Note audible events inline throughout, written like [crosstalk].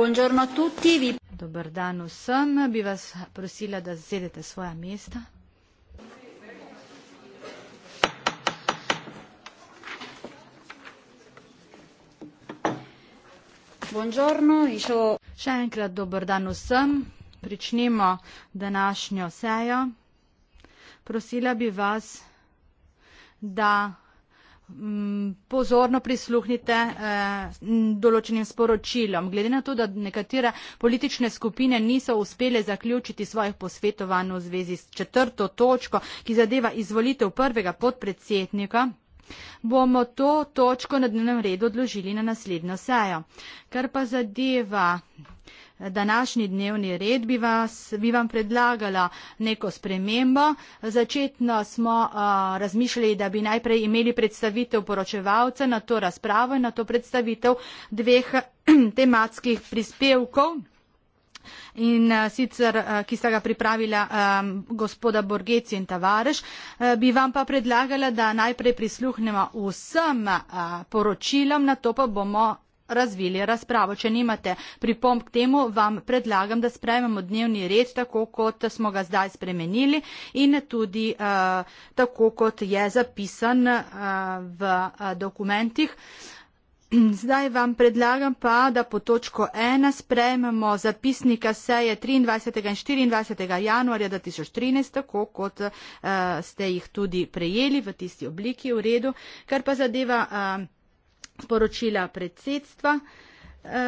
Buongiorno a tutti. Vi... Dober dan vsem, bi vas prosila, da sedete svoja mesta. Buongiorno, išel. Še enkrat dober dan vsem, pričnimo današnjo sejo. Prosila bi vas, da Mm, pozorno prisluhnite eh, določenim sporočilom. Glede na to, da nekatere politične skupine niso uspele zaključiti svojih posvetovanj v zvezi s četrto točko, ki zadeva izvolitev prvega podpredsednika, bomo to točko na dnevnem redu odložili na naslednjo sejo. Kar pa zadeva današnji dnevni red bi, vas, bi vam predlagala neko spremembo. Začetno smo a, razmišljali, da bi najprej imeli predstavitev poročevalca, na to razpravo in na to predstavitev dveh [clears throat] tematskih prispevkov in sicer, ki sta ga pripravila um, gospoda Borgeci in Tavareš, bi vam pa predlagala, da najprej prisluhnemo vsem uh, poročilom, na to pa bomo razvili razpravo. Če nimate pripomp k temu, vam predlagam, da sprejmemo dnevni red tako, kot smo ga zdaj spremenili in tudi uh, tako, kot je zapisan uh, v uh, dokumentih. Zdaj vam predlagam pa, da po točko 1 sprejmemo zapisnika seje 23. in 24. januarja 2013, tako kot uh, ste jih tudi prejeli v tisti obliki v redu, kar pa zadeva. Uh, poročila predsedstva. Eh,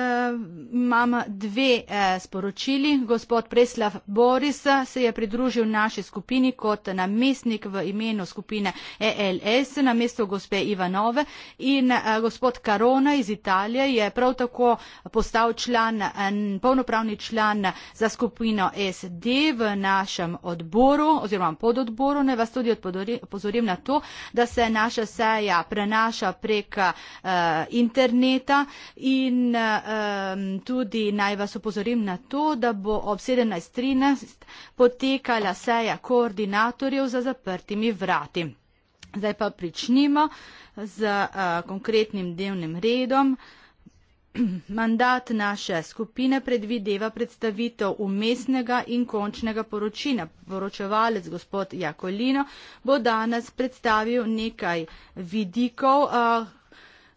imam dve eh, sporočili. Gospod Preslav Boris se je pridružil naši skupini kot namestnik v imenu skupine ELS na mesto gospe Ivanove in eh, gospod Karona iz Italije je prav tako postal član, polnopravni član za skupino SD v našem odboru oziroma pododboru. Ne vas tudi opozorim na to, da se naša seja prenaša prek interneta in um, tudi naj vas upozorim na to, da bo ob 17.13 potekala seja koordinatorjev za zaprtimi vrati. Zdaj pa pričnimo z uh, konkretnim dnevnim redom. [clears throat] Mandat naše skupine predvideva predstavitev umestnega in končnega poročina. Poročevalec gospod Jakolino bo danes predstavil nekaj vidikov. Uh,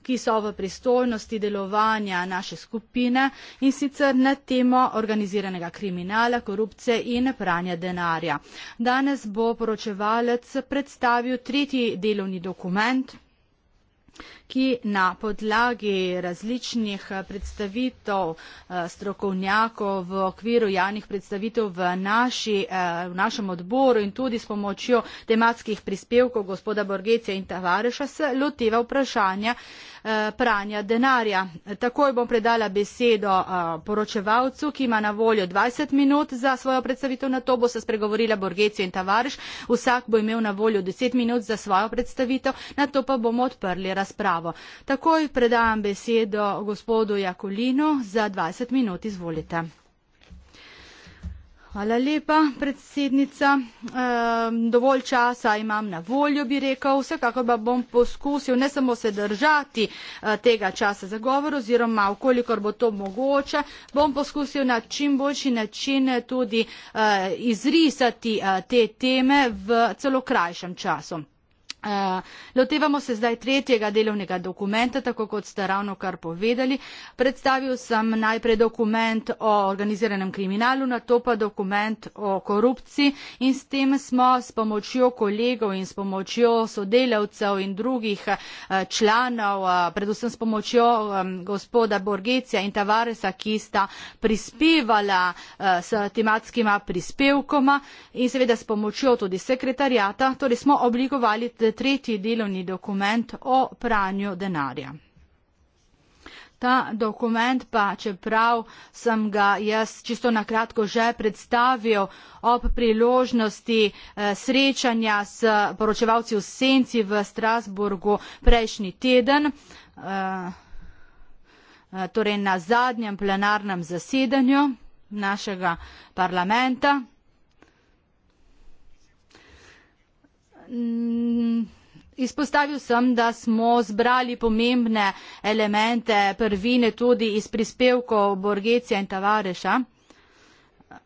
ki so v pristojnosti delovanja naše skupine in sicer na temo organiziranega kriminala, korupcije in pranja denarja. Danes bo poročevalec predstavil tretji delovni dokument ki na podlagi različnih predstavitev eh, strokovnjakov v okviru javnih predstavitev v, naši, eh, v našem odboru in tudi s pomočjo tematskih prispevkov gospoda Borgecija in Tavareša se loteva vprašanja eh, pranja denarja. Takoj bom predala besedo poročevalcu, ki ima na voljo 20 minut za svojo predstavitev. Na to bo se spregovorila Borgecija in Tavareš. Vsak bo imel na voljo 10 minut za svojo predstavitev. Na to pa bomo odprli razpravo razpravo. Takoj predam besedo gospodu Jakolinu za 20 minut. Izvolite. Hvala lepa, predsednica. E, dovolj časa imam na voljo, bi rekel. Vsekako pa bom poskusil ne samo se držati e, tega časa za govor oziroma, kolikor bo to mogoče, bom poskusil na čim boljši način tudi e, izrisati e, te teme v celo krajšem času. Eh, lotevamo se zdaj tretjega delovnega dokumenta, tako kot ste ravno kar povedali. Predstavil sem najprej dokument o organiziranem kriminalu, na to pa dokument o korupciji in s tem smo s pomočjo kolegov in s pomočjo sodelavcev in drugih eh, članov, eh, predvsem s pomočjo gospoda Borgecija in Tavaresa, ki sta prispevala s tematskima prispevkoma in seveda s pomočjo tudi sekretarjata, torej smo oblikovali tretji delovni dokument o pranju denarja. Ta dokument pa, čeprav sem ga jaz čisto na kratko že predstavil ob priložnosti eh, srečanja s poročevalci v Senci v Strasburgu prejšnji teden, eh, eh, torej na zadnjem plenarnem zasedanju našega parlamenta, Mm, izpostavil sem, da smo zbrali pomembne elemente prvine tudi iz prispevkov Borgecija in Tavareša.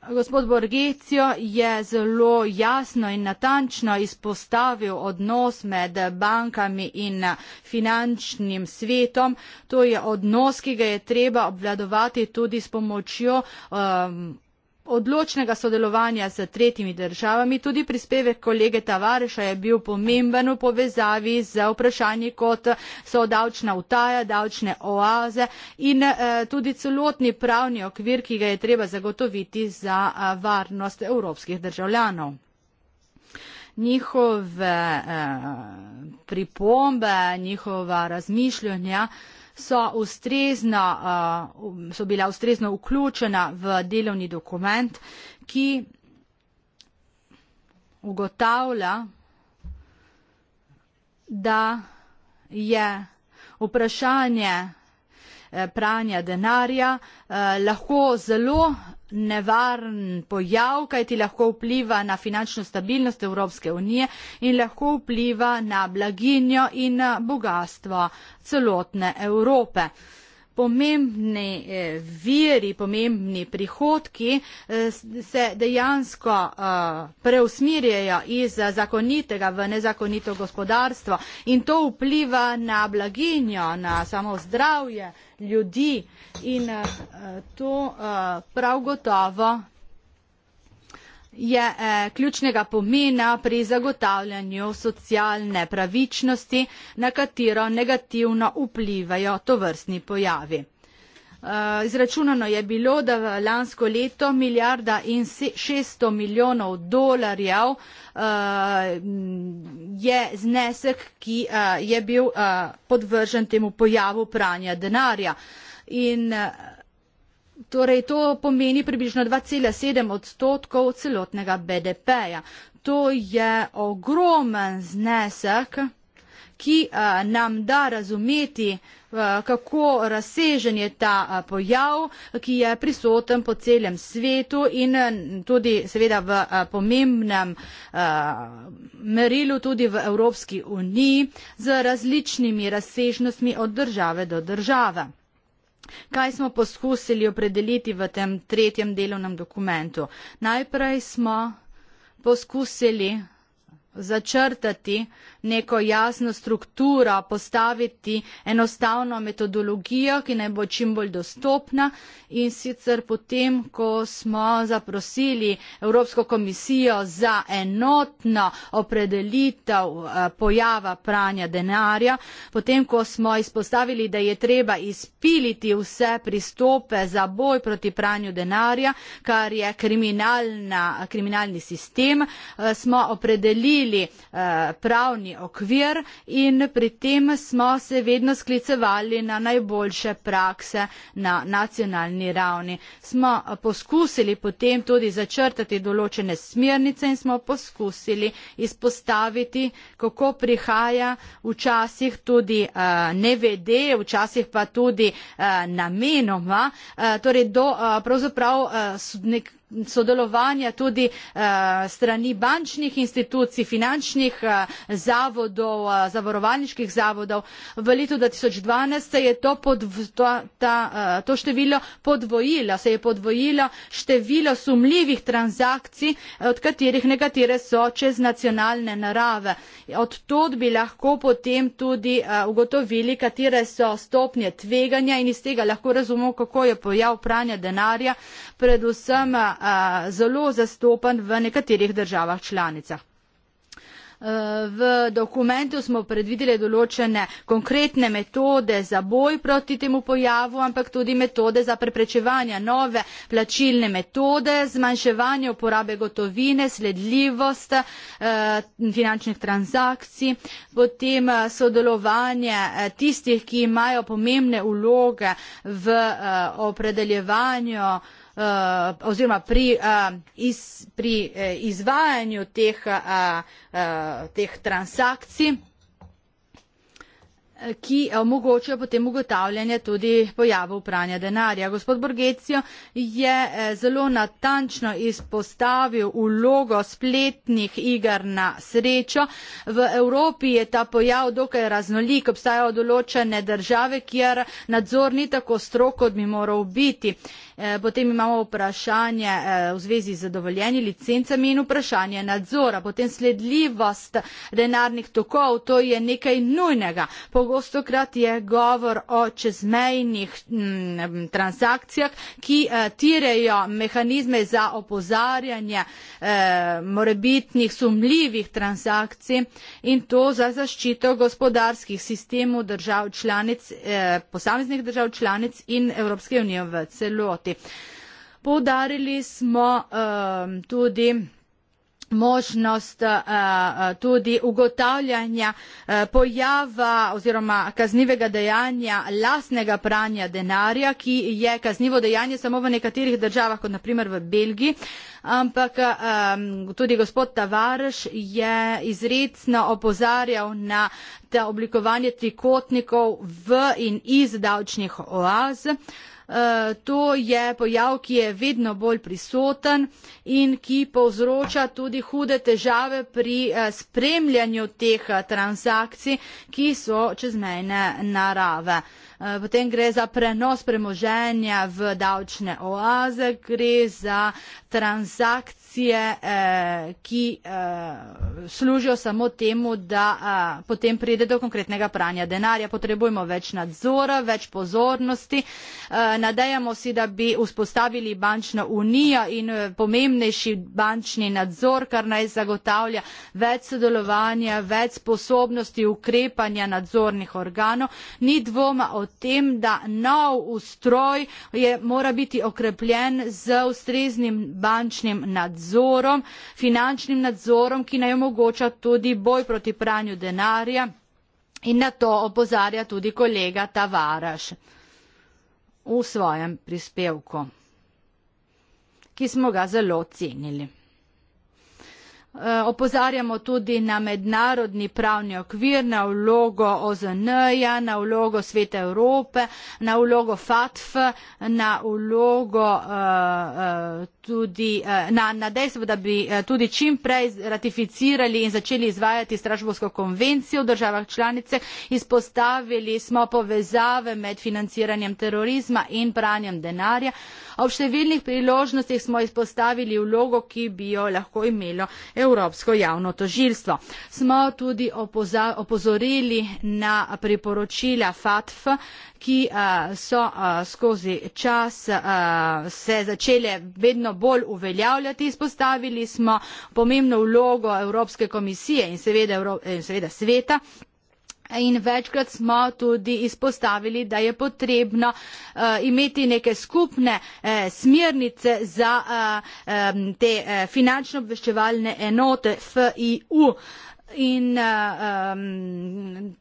Gospod Borgecijo je zelo jasno in natančno izpostavil odnos med bankami in finančnim svetom. To je odnos, ki ga je treba obvladovati tudi s pomočjo um, odločnega sodelovanja z tretjimi državami. Tudi prispevek kolege Tavareša je bil pomemben v povezavi z vprašanji kot so davčna utaja, davčne oaze in eh, tudi celotni pravni okvir, ki ga je treba zagotoviti za eh, varnost evropskih državljanov. Njihove eh, pripombe, njihova razmišljanja so, ustrezna, uh, so bila ustrezno vključena v delovni dokument, ki ugotavlja, da je vprašanje eh, pranja denarja eh, lahko zelo nevaren pojav, kaj ti lahko vpliva na finančno stabilnost Evropske unije in lahko vpliva na blaginjo in bogatstvo celotne Evrope pomembni eh, viri, pomembni prihodki eh, se dejansko eh, preusmirjajo iz zakonitega v nezakonito gospodarstvo in to vpliva na blaginjo, na samo zdravje ljudi in to prav gotovo je eh, ključnega pomena pri zagotavljanju socialne pravičnosti, na katero negativno vplivajo tovrstni pojavi. Eh, izračunano je bilo, da v lansko leto milijarda in 600 milijonov dolarjev eh, je znesek, ki je bil podvržen temu pojavu pranja denarja. In Torej, to pomeni približno 2,7 odstotkov celotnega BDP-ja. To je ogromen znesek, ki eh, nam da razumeti, eh, kako razsežen je ta eh, pojav, ki je prisoten po celem svetu in tudi seveda v pomembnem merilu tudi v Evropski uniji z različnimi razsežnostmi od države do države. Kaj smo poskusili opredeliti v tem tretjem delovnem dokumentu? Najprej smo poskusili začrtati neko jasno strukturo, postaviti enostavno metodologijo, ki naj bo čim bolj dostopna in sicer potem, ko smo zaprosili Evropsko komisijo za enotno opredelitev eh, pojava pranja denarja, potem, ko smo izpostavili, da je treba izpiliti vse pristope za boj proti pranju denarja, kar je kriminalni sistem, eh, smo opredelili naredili eh, pravni okvir in pri tem smo se vedno sklicevali na najboljše prakse na nacionalni ravni. Smo eh, poskusili potem tudi začrtati določene smernice in smo poskusili izpostaviti, kako prihaja včasih tudi eh, nevede, včasih pa tudi namenoma, torej do pravzaprav nek sodelovanja tudi uh, strani bančnih institucij, finančnih uh, zavodov, uh, zavarovalniških zavodov. V letu 2012 se je to, podv, to, ta, uh, to število podvojilo, se je podvojilo število sumljivih transakcij, od katerih nekatere so čez nacionalne narave. Od tod bi lahko potem tudi uh, ugotovili, katere so stopnje tveganja in iz tega lahko razumemo, kako je pojav pranja denarja, predvsem uh, zelo zastopan v nekaterih državah članicah. E, v dokumentu smo predvideli določene konkretne metode za boj proti temu pojavu, ampak tudi metode za preprečevanje nove plačilne metode, zmanjševanje uporabe gotovine, sledljivost e, finančnih transakcij, potem e, sodelovanje tistih, ki imajo pomembne uloge v opredeljevanju Eh, oziroma pri, eh, iz, pri eh, izvajanju teh, teh transakcij ki omogočajo potem ugotavljanje tudi pojavov pranja denarja. Gospod Borgecijo je eh, zelo natančno izpostavil ulogo spletnih igr na srečo. V Evropi je ta pojav dokaj raznolik, obstajajo določene države, kjer nadzor ni tako strok, kot bi moral biti. Eh, potem imamo vprašanje eh, v zvezi z dovoljenji licencami in vprašanje nadzora. Potem sledljivost denarnih tokov, to je nekaj nujnega. Pogo pogosto krat je govor o čezmejnih m, mm, transakcijah, ki eh, tirejo mehanizme za opozarjanje eh, morebitnih sumljivih transakcij in to za zaščito gospodarskih sistemov držav članic, eh, posameznih držav članic in Evropske unije v celoti. Poudarili smo eh, tudi možnost uh, tudi ugotavljanja uh, pojava oziroma kaznivega dejanja lastnega pranja denarja, ki je kaznivo dejanje samo v nekaterih državah, kot naprimer v Belgiji. Ampak um, tudi gospod Tavares je izredno opozarjal na ta oblikovanje trikotnikov v in iz davčnih oaz. Uh, Eh, to je pojav, ki je vedno bolj prisoten in ki povzroča tudi hude težave pri eh, spremljanju teh eh, transakcij, ki so čezmejne narave. Eh, potem gre za prenos premoženja v davčne oaze, gre za transakcije, eh, ki eh, služijo samo temu, da potem pride do konkretnega pranja denarja. Potrebujemo več nadzora, več pozornosti. Nadejamo si, da bi vzpostavili bančno unijo in pomembnejši bančni nadzor, kar naj zagotavlja več sodelovanja, več sposobnosti ukrepanja nadzornih organov. Ni dvoma o tem, da nov ustroj je, mora biti okrepljen z ustreznim bančnim nadzorom, finančnim nadzorom, ki naj omogoča tudi boj proti pranju denarja in na to opozarja tudi kolega Tavaraš v svojem prispevku, ki smo ga zelo cenili. Eh, opozarjamo tudi na mednarodni pravni okvir na vlogo ozn ja na vlogo sveta evrope na vlogo fatf na vlogo eh, eh, tudi na, na dejstvo da bi tudi čim prej ratificirali in začeli izvajati strašbovsko konvencijo v državah članice izpostavili smo povezave med financiranjem terorizma in pranjem denarja Ob številnih priložnostih smo izpostavili vlogo, ki bi jo lahko imelo Evropsko javno tožilstvo. Smo tudi opoza, opozorili na priporočila FATF, ki uh, so uh, skozi čas uh, se začele vedno bolj uveljavljati. Izpostavili smo pomembno vlogo Evropske komisije in seveda, Evro in seveda sveta In večkrat smo tudi izpostavili, da je potrebno uh, imeti neke skupne uh, smernice za uh, um, te uh, finančno obveščevalne enote FIU. In, uh, um,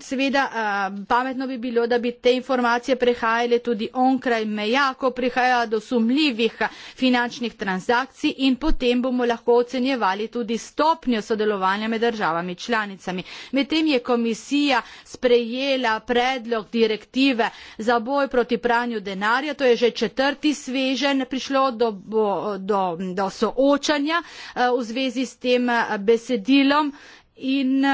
Seveda, pametno bi bilo, da bi te informacije prehajale tudi onkraj meja, ko prihaja do sumljivih finančnih transakcij in potem bomo lahko ocenjevali tudi stopnjo sodelovanja med državami članicami. Medtem je komisija sprejela predlog direktive za boj proti pranju denarja, to je že četrti svežen, prišlo do, do, do soočanja v zvezi s tem besedilom in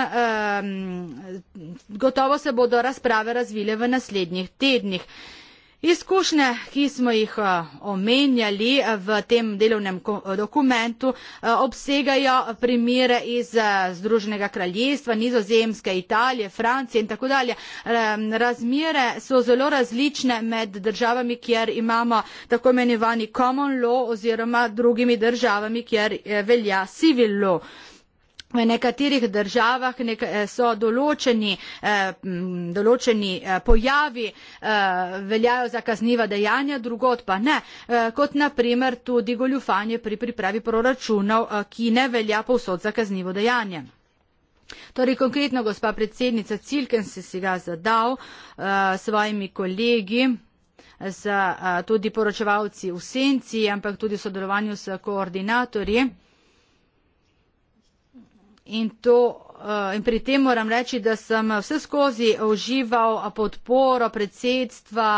um, gotovo se bodo razprave razvile v naslednjih tednih. Izkušnje, ki smo jih eh, omenjali eh, v tem delovnem dokumentu, eh, obsegajo primere iz Združenega kraljestva, Nizozemske, Italije, Francije in tako dalje. Ehm, razmere so zelo različne med državami, kjer imamo tako imenovani common law oziroma drugimi državami, kjer velja civil law. V nekaterih državah nek, eh, so določeni, eh, določeni eh, pojavi eh, veljajo za kazniva dejanja, drugot pa ne, eh, kot naprimer tudi goljufanje pri pripravi proračunov, eh, ki ne velja povsod za kaznivo dejanje. Torej, konkretno, gospa predsednica Cilken si si ga zadal eh, svojimi kolegi z eh, tudi poročevalci v senci, ampak tudi v sodelovanju s koordinatorji. In to Eh, in pri tem moram reči, da sem vse skozi užival podporo predsedstva,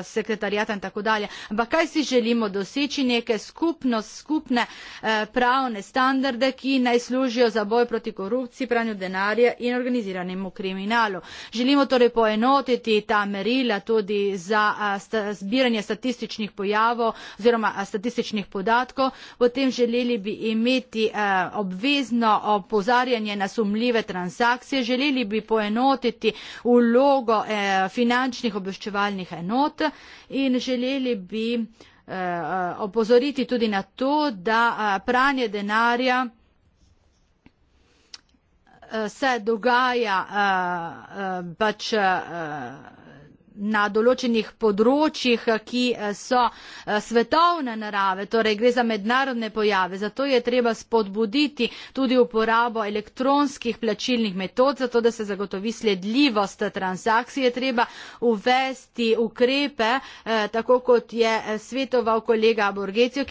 eh, sekretarjata in tako dalje. Ampak kaj si želimo doseči? Neke skupno, skupne eh, pravne standarde, ki naj služijo za boj proti korupciji, pranju denarja in organiziranemu kriminalu. Želimo torej poenotiti ta merila tudi za zbiranje statističnih pojavov oziroma statističnih podatkov. Potem želeli bi imeti obvezno opozarjanje na subjektivnosti sumljive transakcije, želeli bi poenotiti ulogo eh, finančnih obveščevalnih enot in želeli bi eh, eh, opozoriti tudi na to, da pranje denarja se dogaja pač na določenih področjih, ki eh, so eh, svetovne narave, torej gre za mednarodne pojave. Zato je treba spodbuditi tudi uporabo elektronskih plačilnih metod, zato da se zagotovi sledljivost transakcije. Treba uvesti ukrepe, eh, tako kot je svetoval kolega Borgecijo,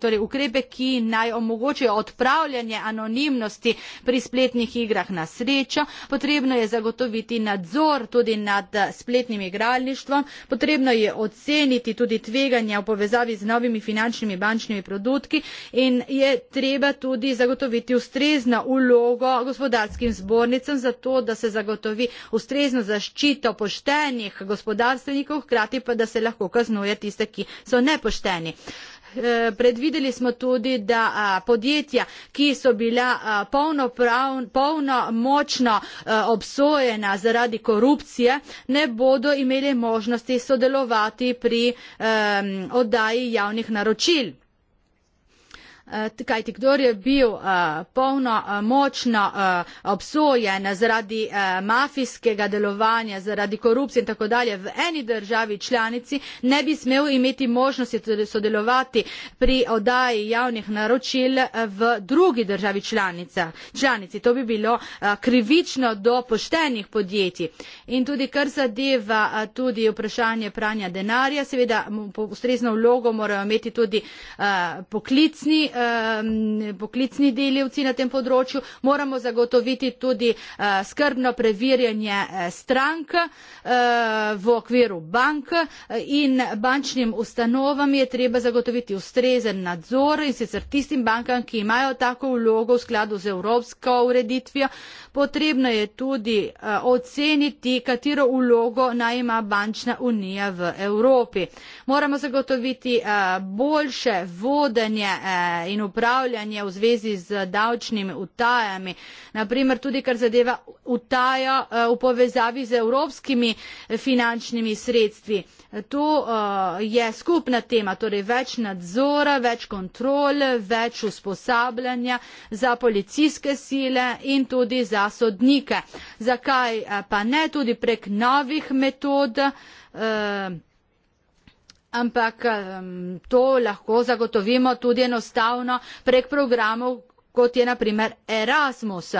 torej ukrepe, ki naj omogočajo odpravljanje anonimnosti pri spletnih igrah na srečo. Potrebno je zagotoviti nadzor tudi nad spletnimi igrami igralništvom. Potrebno je oceniti tudi tveganja v povezavi z novimi finančnimi bančnimi produtki in je treba tudi zagotoviti ustrezno ulogo gospodarskim zbornicam za to, da se zagotovi ustrezno zaščito poštenih gospodarstvenikov, hkrati pa da se lahko kaznuje tiste, ki so nepošteni. Eh, predvideli smo tudi, da podjetja, ki so bila polno, pravn, polno močno obsojena zaradi korupcije, ne bodo imeli možnosti sodelovati pri oddaji javnih naročil. Eh, kajti kdor je bil eh, polno eh, močno obsojen zaradi mafijskega delovanja, zaradi korupcije in tako dalje v eni državi članici, ne bi smel imeti možnosti sodelovati pri oddaji javnih naročil v drugi državi članica, članici. To bi bilo krivično do poštenih podjetij. In tudi kar zadeva tudi vprašanje pranja denarja, seveda ustrezno vlogo morajo imeti tudi poklicni Ehm, poklicni delivci na tem področju, moramo zagotoviti tudi eh, skrbno preverjanje eh, strank eh, v okviru bank in bančnim ustanovam je treba zagotoviti ustrezen nadzor in sicer tistim bankam, ki imajo tako vlogo v skladu z evropsko ureditvijo. Potrebno je tudi oceniti, katero vlogo naj ima bančna unija v Evropi. Moramo zagotoviti boljše vodenje in upravljanje v zvezi z davčnimi utajami. Naprimer tudi, kar zadeva utajo eh, v povezavi z evropskimi eh, finančnimi sredstvi. To eh, je skupna tema, torej več nadzora, več kontrol, več usposabljanja za policijske sile in tudi za sodnike. Zakaj pa ne tudi prek novih metod? 呃。Uh ampak um, to lahko zagotovimo tudi enostavno prek programov, kot je naprimer Erasmus.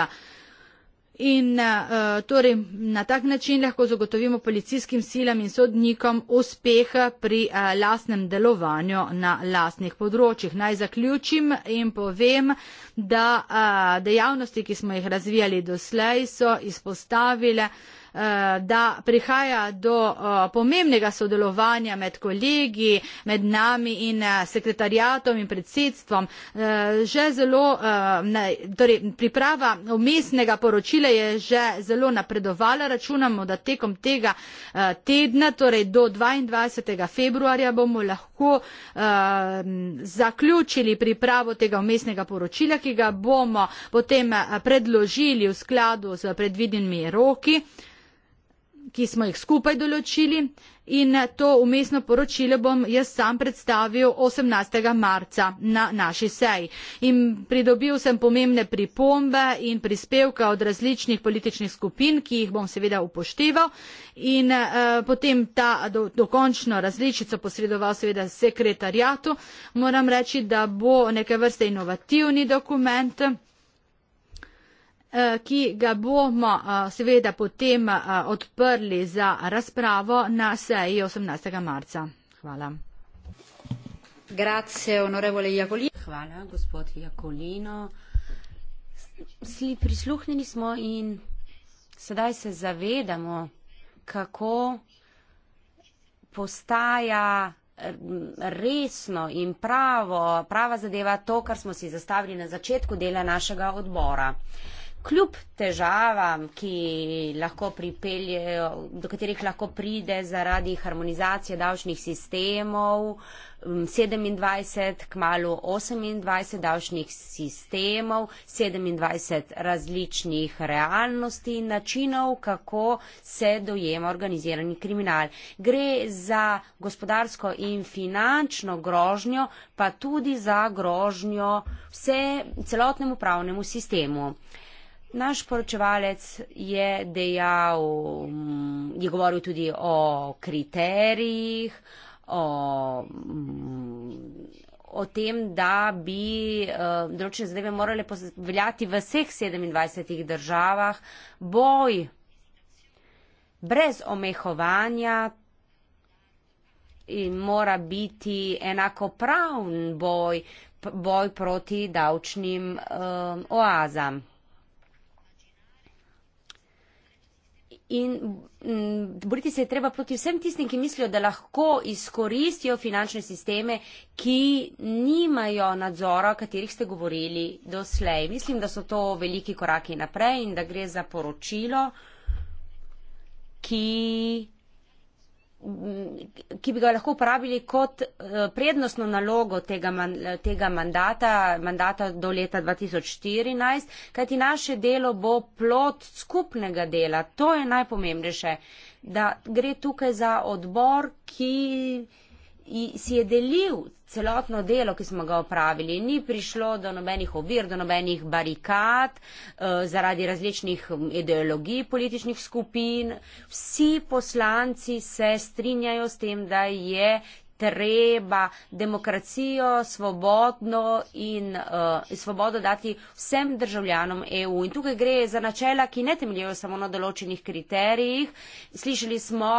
In uh, torej na tak način lahko zagotovimo policijskim silam in sodnikom uspeh pri uh, eh, lasnem delovanju na lasnih področjih. Naj zaključim in povem, da uh, dejavnosti, ki smo jih razvijali doslej, so izpostavile uh, Eh, da prihaja do eh, pomembnega sodelovanja med kolegi, med nami in eh, sekretarjatom in predsedstvom. Že zelo, torej priprava omestnega poročila je že zelo napredovala, računamo, da tekom tega tedna, torej do 22. februarja bomo lahko lahko uh, zaključili pripravo tega umestnega poročila, ki ga bomo potem eh, predložili v skladu z predvidenimi roki, ki smo jih skupaj določili in to umestno poročilo bom jaz sam predstavil 18. marca na naši seji. In pridobil sem pomembne pripombe in prispevke od različnih političnih skupin, ki jih bom seveda upošteval in eh, potem ta do, dokončno različico posredoval seveda sekretarjatu. Moram reči, da bo neke vrste inovativni dokument. Eh, ki ga bomo eh, seveda potem eh, odprli za razpravo na seji 18. marca. Hvala. Grazie, onorevole Jakolino. Hvala, gospod Jakolino. Sli, prisluhnili smo in sedaj se zavedamo, kako postaja resno in pravo, prava zadeva to, kar smo si zastavili na začetku dela našega odbora kljub težavam, do katerih lahko pride zaradi harmonizacije davčnih sistemov, 27, k malu 28 davčnih sistemov, 27 različnih realnosti in načinov, kako se dojema organizirani kriminal. Gre za gospodarsko in finančno grožnjo, pa tudi za grožnjo vse celotnemu pravnemu sistemu. Naš poročevalec je dejal, mm, je govoril tudi o kriterijih, o, mm, o tem, da bi uh, določene zadeve morale veljati v vseh 27 državah. Boj brez omehovanja mora biti enakopravn boj, boj proti davčnim uh, oazam. In mm, boriti se je treba proti vsem tistim, ki mislijo, da lahko izkoristijo finančne sisteme, ki nimajo nadzora, o katerih ste govorili doslej. Mislim, da so to veliki koraki naprej in da gre za poročilo, ki ki bi ga lahko uporabili kot eh, prednostno nalogo tega, man, tega mandata, mandata do leta 2014, kajti naše delo bo plot skupnega dela. To je najpomembnejše, da gre tukaj za odbor, ki si je delil celotno delo, ki smo ga opravili. Ni prišlo do nobenih ovir, do nobenih barikat eh, zaradi različnih ideologij političnih skupin. Vsi poslanci se strinjajo s tem, da je treba demokracijo, svobodno in uh, svobodo dati vsem državljanom EU. In tukaj gre za načela, ki ne temeljijo samo na določenih kriterijih. Slišali smo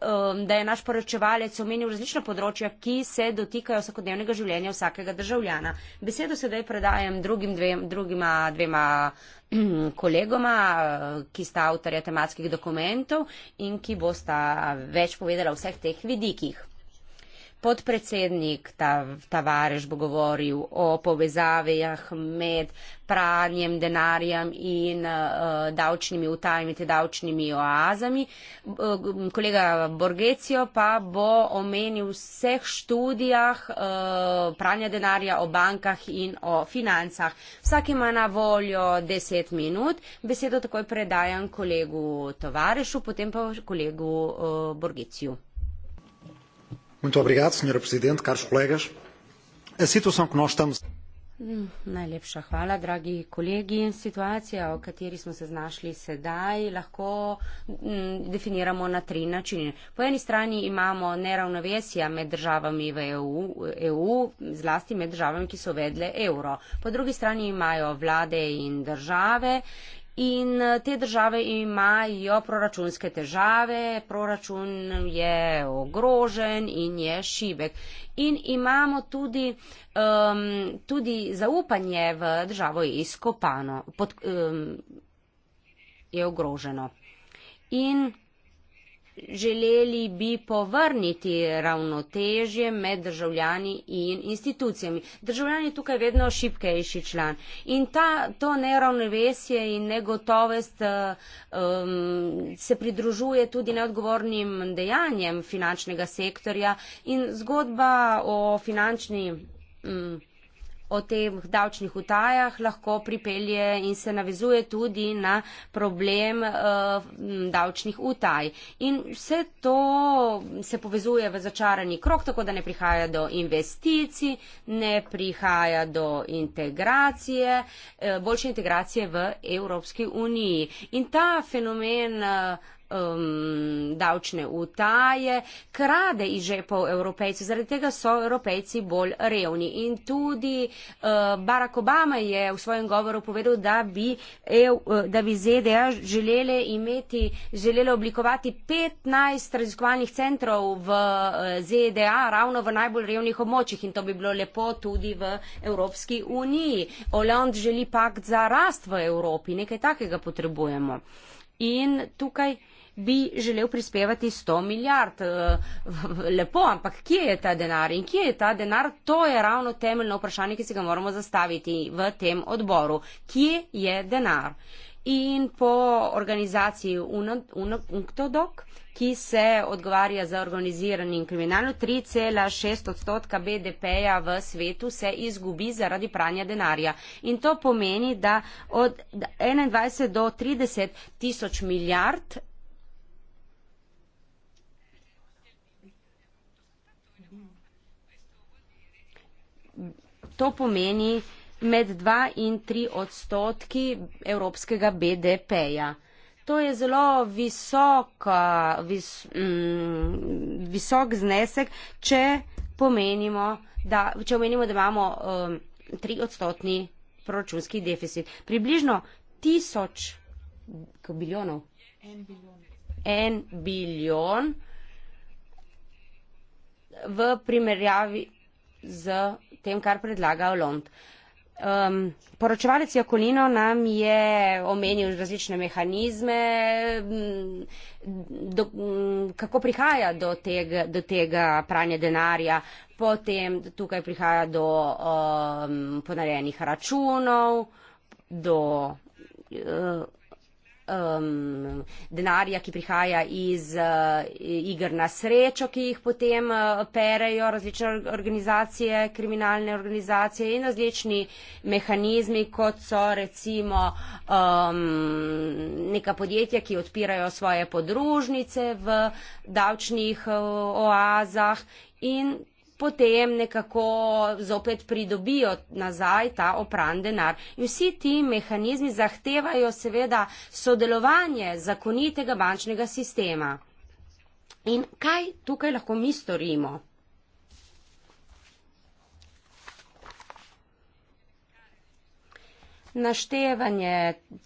Um, da je naš poročevalec omenil različna področja, ki se dotikajo vsakodnevnega življenja vsakega državljana. Besedo sedaj predajam drugim dvem, drugima dvema [clears throat] kolegoma, uh, ki sta avtorja tematskih dokumentov in ki bosta več povedala o vseh teh vidikih podpredsednik Tavares bo govoril o povezavejah med pranjem denarjem in uh, davčnimi utajami, te davčnimi oazami. Eh, kolega Borgecijo pa bo omenil v vseh študijah uh, pranja denarja o bankah in o financah. Vsak ima na voljo 10 minut, besedo takoj predajam kolegu Tavaresu, potem pa kolegu uh, Borgecijo. Muito obrigado, Sr. Presidente, caros colegas. A situação que nós estamos. Najlepša hvala, dragi kolegi. Situacija, v kateri smo se znašli sedaj, lahko m, mm, definiramo na tri načine. Po eni strani imamo neravnovesja med državami v EU, EU, zlasti med državami, ki so vedle evro. Po drugi strani imajo vlade in države In eh, te države imajo proračunske težave, proračun je ogrožen in je šibek. In imamo tudi, um, tudi zaupanje v državo je izkopano, pod, um, je ogroženo. In želeli bi povrniti ravnotežje med državljani in institucijami. Državljan je tukaj vedno šipkejši član in ta, to neravnovesje in negotovest um, se pridružuje tudi neodgovornim dejanjem finančnega sektorja in zgodba o finančni um, o teh davčnih utajah lahko pripelje in se navezuje tudi na problem uh, davčnih utaj. In vse to se povezuje v začarani krok, tako da ne prihaja do investicij, ne prihaja do integracije, uh, boljše integracije v Evropski uniji. In ta fenomen uh, um, davčne utaje, krade iz žepov evropejcev, zaradi tega so evropejci bolj revni. In tudi uh, Barack Obama je v svojem govoru povedal, da bi, EU, uh, da bi ZDA želele imeti, želele oblikovati 15 raziskovalnih centrov v uh, ZDA, ravno v najbolj revnih območjih in to bi bilo lepo tudi v Evropski uniji. Hollande želi pakt za rast v Evropi, nekaj takega potrebujemo. In tukaj bi želel prispevati 100 milijard. Eh, lepo, ampak kje je ta denar in kje je ta denar? To je ravno temeljno vprašanje, ki si ga moramo zastaviti v tem odboru. Kje je denar? In po organizaciji UNCTODOC, ki se odgovarja za organizirani in kriminalno, 3,6 odstotka BDP-ja v svetu se izgubi zaradi pranja denarja. In to pomeni, da od 21 do 30 tisoč milijard to pomeni med 2 in 3 odstotki evropskega BDP-ja. To je zelo visoka, vis, mm, visok znesek, če pomenimo, da, če omenimo, da imamo um, 3 odstotni proračunski deficit. Približno tisoč biljonov. En biljon. En biljon v primerjavi z tem, kar predlaga Olond. Um, poročevalec Jakolino nam je omenil različne mehanizme, mm, do, mm, kako prihaja do tega, do tega pranja denarja, potem tukaj prihaja do um, ponarejenih računov, do. Uh, um, denarja, ki prihaja iz uh, igr na srečo, ki jih potem uh, perejo različne organizacije, kriminalne organizacije in različni mehanizmi, kot so recimo um, neka podjetja, ki odpirajo svoje podružnice v davčnih uh, oazah in potem nekako zopet pridobijo nazaj ta opran denar. In vsi ti mehanizmi zahtevajo seveda sodelovanje zakonitega bančnega sistema. In kaj tukaj lahko mi storimo? Naštevanje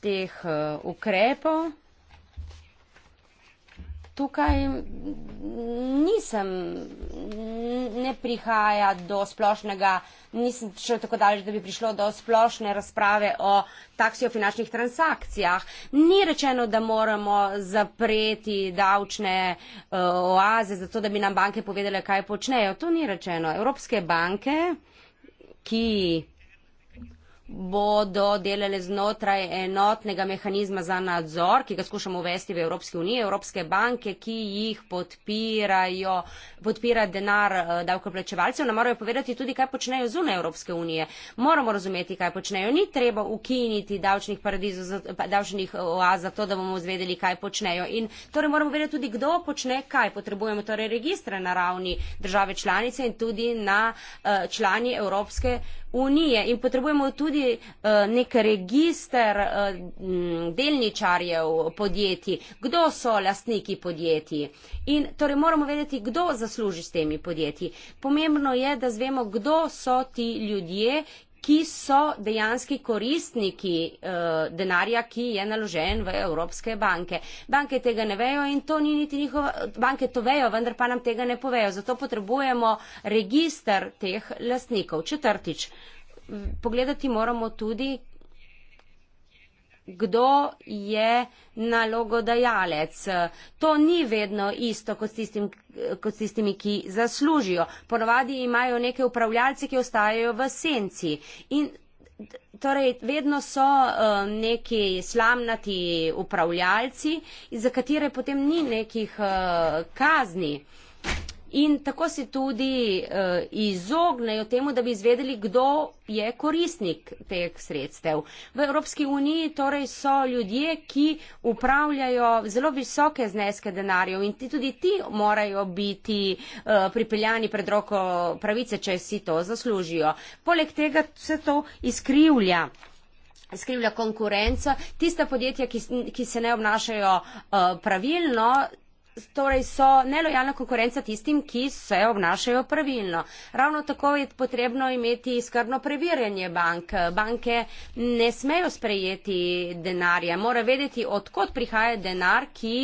teh eh, ukrepov tukaj nisem, ne prihaja do splošnega, nisem šel tako daleč, da bi prišlo do splošne razprave o taksi o finančnih transakcijah. Ni rečeno, da moramo zapreti davčne uh, oaze, zato da bi nam banke povedale, kaj počnejo. To ni rečeno. Evropske banke, ki bodo delali znotraj enotnega mehanizma za nadzor, ki ga skušamo uvesti v Evropski uniji, Evropske banke, ki jih podpirajo, podpira denar eh, davkoplačevalcev, nam morajo povedati tudi, kaj počnejo zunaj Evropske unije. Moramo razumeti, kaj počnejo. Ni treba ukiniti davčnih paradizov, davčnih eh, oaz, zato da bomo zvedeli, kaj počnejo. In torej moramo vedeti tudi, kdo počne kaj. Potrebujemo torej registre na ravni države članice in tudi na eh, člani Evropske unije. In potrebujemo tudi Eh, nek register eh, delničarjev podjetij, kdo so lastniki podjetij. In torej moramo vedeti, kdo zasluži s temi podjetji. Pomembno je, da zvemo, kdo so ti ljudje, ki so dejanski koristniki eh, denarja, ki je naložen v Evropske banke. Banke tega ne vejo in to ni niti njihova, banke to vejo, vendar pa nam tega ne povejo. Zato potrebujemo registr teh lastnikov. Četrtič, pogledati moramo tudi, kdo je nalogodajalec. To ni vedno isto kot s tistim, kot s tistimi, ki zaslužijo. Ponovadi imajo neke upravljalce, ki ostajajo v senci. In Torej, vedno so um, neki slamnati upravljalci, za katere potem ni nekih uh, kazni. Uh, In tako se tudi uh, izognejo temu, da bi izvedeli, kdo je koristnik teh sredstev. V Evropski uniji torej so ljudje, ki upravljajo zelo visoke zneske denarjev in ti, tudi ti morajo biti uh, pripeljani pred roko pravice, če si to zaslužijo. Poleg tega se to izkrivlja skrivlja konkurenca. Tista podjetja, ki, ki se ne obnašajo uh, pravilno, Torej so nelojalna konkurenca tistim, ki se obnašajo pravilno. Ravno tako je potrebno imeti skrbno preverjanje bank. Banke ne smejo sprejeti denarja, mora vedeti, odkot prihaja denar, ki,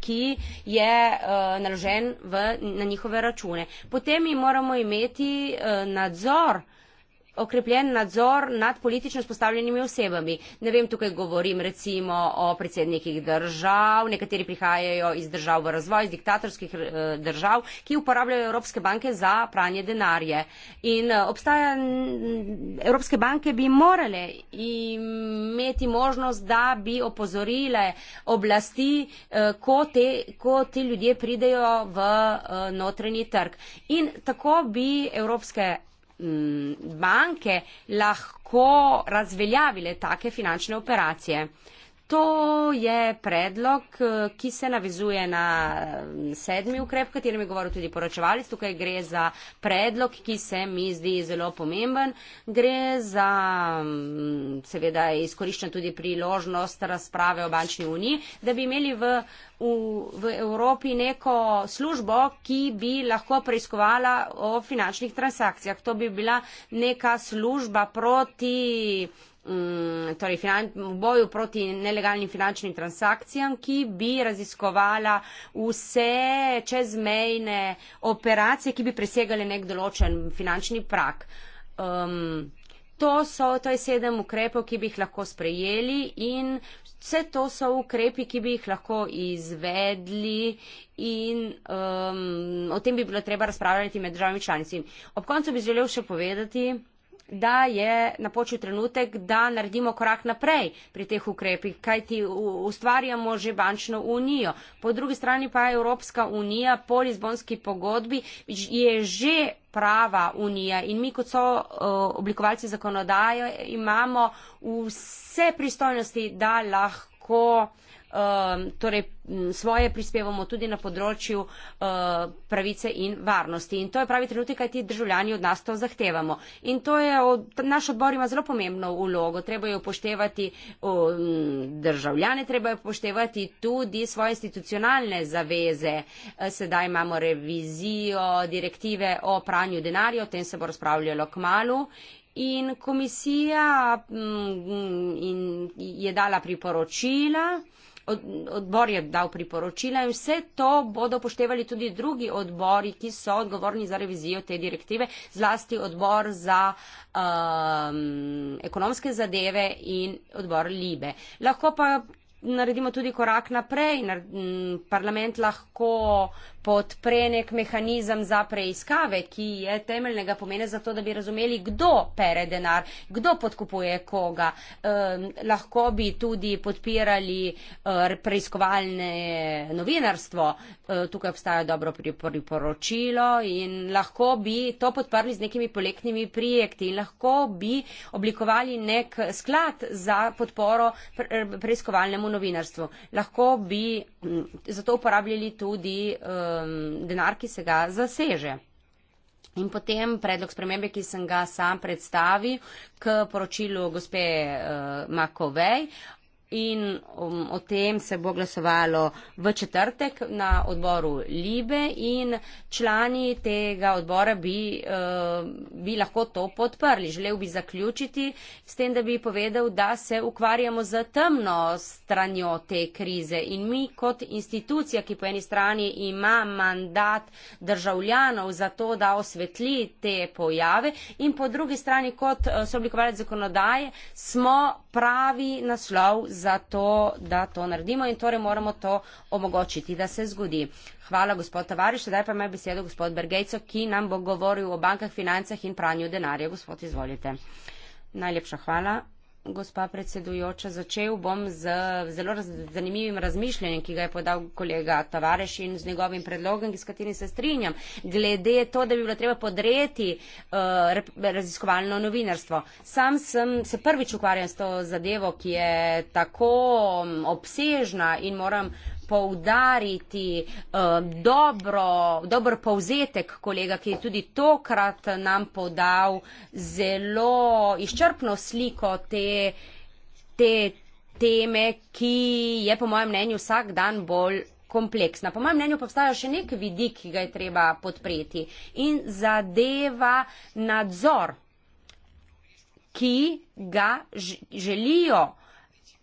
ki je uh, naložen v, na njihove račune. Potem mi moramo imeti uh, nadzor uh, okrepljen nadzor nad politično spostavljenimi osebami. Ne vem, tukaj govorim recimo o predsednikih držav, nekateri prihajajo iz držav v razvoj, iz diktatorskih eh, držav, ki uporabljajo Evropske banke za pranje denarje. In eh, obstaja, Evropske banke bi morale imeti možnost, da bi opozorile oblasti, eh, ko te, ko te ljudje pridejo v notranji trg. In tako bi Evropske Mm, banke lahko razveljavile take finančne operacije. To je predlog, eh, ki se navezuje na mm, sedmi ukrep, katerem je govoril tudi poročevalec. Tukaj gre za predlog, ki se mi zdi zelo pomemben. Gre za, mm, seveda, izkoriščen tudi priložnost razprave o bančni uniji, da bi imeli v, v, v Evropi neko službo, ki bi lahko preiskovala o finančnih transakcijah. To bi bila neka služba proti Mm, torej finan, v boju proti nelegalnim finančnim transakcijam, ki bi raziskovala vse čezmejne operacije, ki bi presegale nek določen finančni prak. Um, To, so, to je sedem ukrepov, ki bi jih lahko sprejeli in vse to so ukrepi, ki bi jih lahko izvedli in um, o tem bi bilo treba razpravljati med državami članicami. Ob koncu bi želel še povedati, da je napočil trenutek, da naredimo korak naprej pri teh ukrepih, kajti ustvarjamo že bančno unijo. Po drugi strani pa je Evropska unija po Lizbonski pogodbi je že prava unija in mi kot so oblikovalci zakonodaje imamo vse pristojnosti, da lahko ko Um, torej svoje prispevamo tudi na področju uh, pravice in varnosti. In to je pravi trenutek, kaj ti državljani od nas to zahtevamo. In to je, od, naš odbor ima zelo pomembno ulogo, treba jo upoštevati um, državljane, treba jo upoštevati tudi svoje institucionalne zaveze. Uh, sedaj imamo revizijo direktive o pranju denarja, o tem se bo razpravljalo k malu. In komisija mm, in je dala priporočila, od, odbor je dal priporočila in vse to bodo poštevali tudi drugi odbori, ki so odgovorni za revizijo te direktive, zlasti odbor za um, ekonomske zadeve in odbor Libe. Lahko pa naredimo tudi korak naprej. Parlament lahko podpre nek mehanizem za preiskave, ki je temeljnega pomena za to, da bi razumeli, kdo pere denar, kdo podkupuje koga. Lahko bi tudi podpirali eh, preiskovalne novinarstvo, eh, tukaj obstaja dobro priporočilo in lahko bi to podprli z nekimi poletnimi projekti in lahko bi oblikovali nek sklad za podporo preiskovalnemu samo novinarstvo. Lahko bi za to uporabljali tudi um, denar, ki se ga zaseže. In potem predlog spremembe, ki sem ga sam predstavil k poročilu gospe uh, Makovej, In um, o tem se bo glasovalo v četrtek na odboru Libe in člani tega odbora bi, eh, bi lahko to podprli. Želel bi zaključiti s tem, da bi povedal, da se ukvarjamo z temno stranjo te krize in mi kot institucija, ki po eni strani ima mandat državljanov za to, da osvetli te pojave in po drugi strani kot eh, sooblikovalec zakonodaje smo pravi naslov za to, da to naredimo in torej moramo to omogočiti, da se zgodi. Hvala, gospod Tavariš, sedaj pa ima besedo gospod Bergejco, ki nam bo govoril o bankah, financah in pranju denarja. Gospod, izvolite. Najlepša hvala gospa predsedujoča, začel bom z zelo raz, zanimivim razmišljanjem, ki ga je podal kolega Tavareš in z njegovim predlogom, s katerim se strinjam, glede to, da bi bilo treba podreti uh, raziskovalno novinarstvo. Sam sem se prvič ukvarjal s to zadevo, ki je tako mm, obsežna in moram poudariti eh, dobro, dober povzetek kolega, ki je tudi tokrat nam podal zelo izčrpno sliko te, te teme, ki je po mojem mnenju vsak dan bolj kompleksna. Po mojem mnenju pa obstaja še nek vidik, ki ga je treba podpreti in zadeva nadzor, ki ga želijo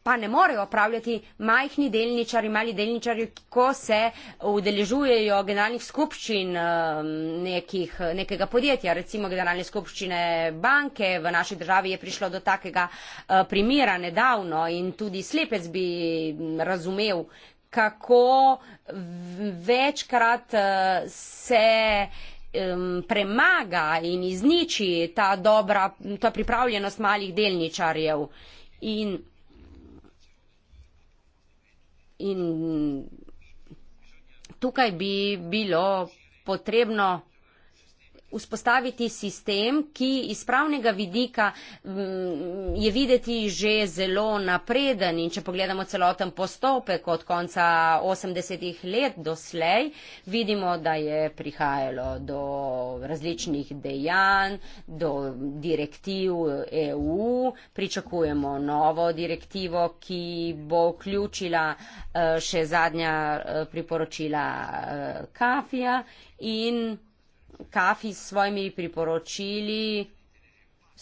pa ne morejo opravljati majhni delničari, mali delničari, ko se udeležujejo generalnih skupščin ehm, nekih, nekega podjetja, recimo generalne skupščine banke. V naši državi je prišlo do takega eh, primira nedavno in tudi slepec bi mm, razumel, kako večkrat eh, se ehm, premaga in izniči ta dobra, ta pripravljenost malih delničarjev. In in tukaj bi bilo potrebno vzpostaviti sistem, ki iz pravnega vidika mm, je videti že zelo napreden in če pogledamo celoten postopek od konca 80-ih let do slej, vidimo, da je prihajalo do različnih dejanj, do direktiv EU, pričakujemo novo direktivo, ki bo vključila eh, še zadnja eh, priporočila eh, Kafija in Kafi s svojimi priporočili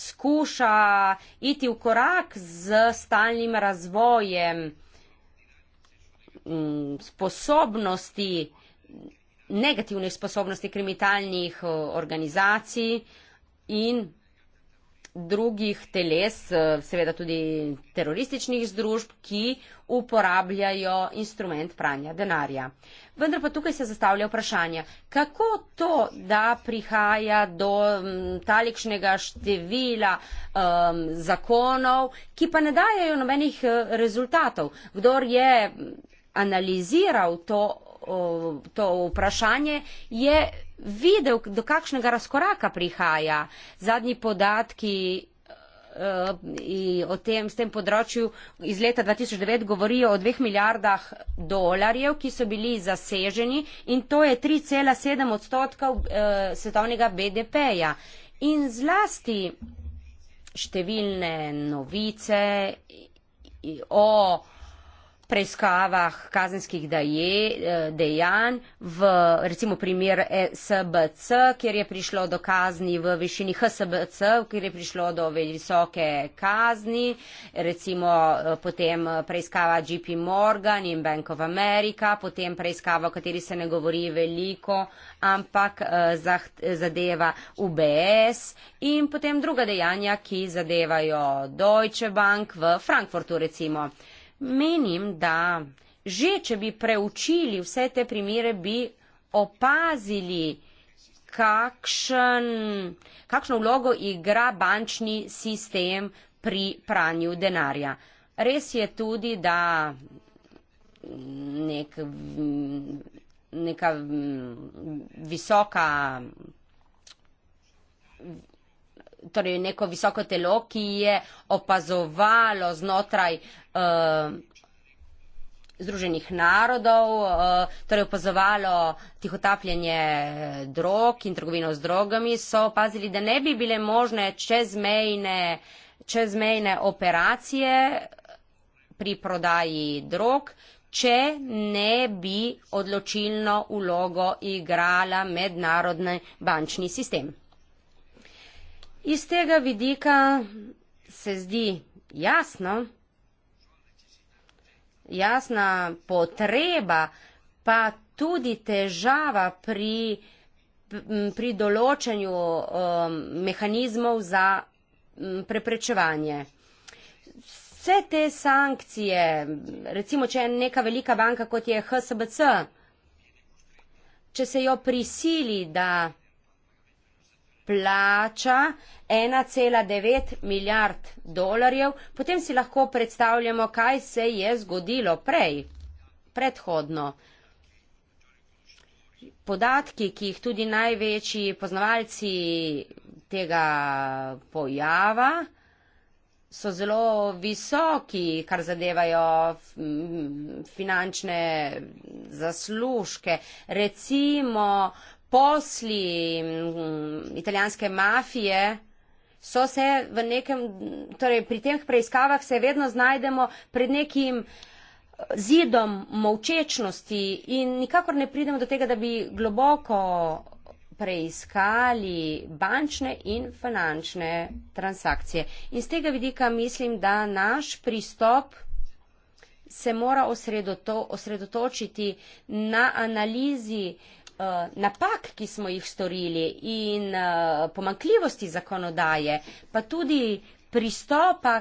skuša iti v korak z stalnim razvojem mm, sposobnosti, negativnih sposobnosti kriminalnih eh, organizacij in drugih teles, eh, seveda tudi terorističnih združb, ki uporabljajo instrument pranja denarja. Vendar pa tukaj se zastavlja vprašanje, kako to, da prihaja do mm, talikšnega števila um, zakonov, ki pa ne dajajo nobenih eh, rezultatov. Kdor je mm, analiziral to, to vprašanje, je videl, do kakšnega razkoraka prihaja. Zadnji podatki eh, o tem, s tem področju iz leta 2009 govorijo o dveh milijardah dolarjev, ki so bili zaseženi in to je 3,7 odstotkov eh, svetovnega BDP-ja. In zlasti številne novice o preiskavah kazenskih eh, dejanj, v recimo primer eh, SBC, kjer je prišlo do kazni v višini HSBC, kjer je prišlo do visoke kazni, recimo eh, potem preiskava JP Morgan in Bank of America, potem preiskava, o kateri se ne govori veliko, ampak zaht, zadeva UBS in potem druga dejanja, ki zadevajo Deutsche Bank v Frankfurtu recimo. Menim, da že, če bi preučili vse te primere, bi opazili, kakšen, kakšno vlogo igra bančni sistem pri pranju denarja. Res je tudi, da nek, neka mm, visoka torej neko visoko telo, ki je opazovalo znotraj uh, Združenih narodov, uh, torej opazovalo tihotapljanje drog in trgovino z drogami, so opazili, da ne bi bile možne čezmejne, čezmejne operacije eh, pri prodaji drog, če ne bi odločilno ulogo igrala mednarodni bančni sistem. Iz tega vidika se zdi jasno, jasna potreba, pa tudi težava pri, pri določanju um, mehanizmov za um, preprečevanje. Vse te sankcije, recimo, če je neka velika banka, kot je HSBC, če se jo prisili, da plača 1,9 milijard dolarjev, potem si lahko predstavljamo, kaj se je zgodilo prej, predhodno. Podatki, ki jih tudi največji poznavalci tega pojava, so zelo visoki, kar zadevajo mm, finančne zaslužke. Recimo, posli mm, italijanske mafije so se v nekem, torej pri teh preiskavah se vedno znajdemo pred nekim eh, zidom molčečnosti in nikakor ne pridemo do tega, da bi globoko preiskali bančne in finančne transakcije. In z tega vidika mislim, da naš pristop se mora osredoto, osredotočiti na analizi uh, Eh, napak, ki smo jih storili in eh, pomankljivosti zakonodaje, pa tudi pristopa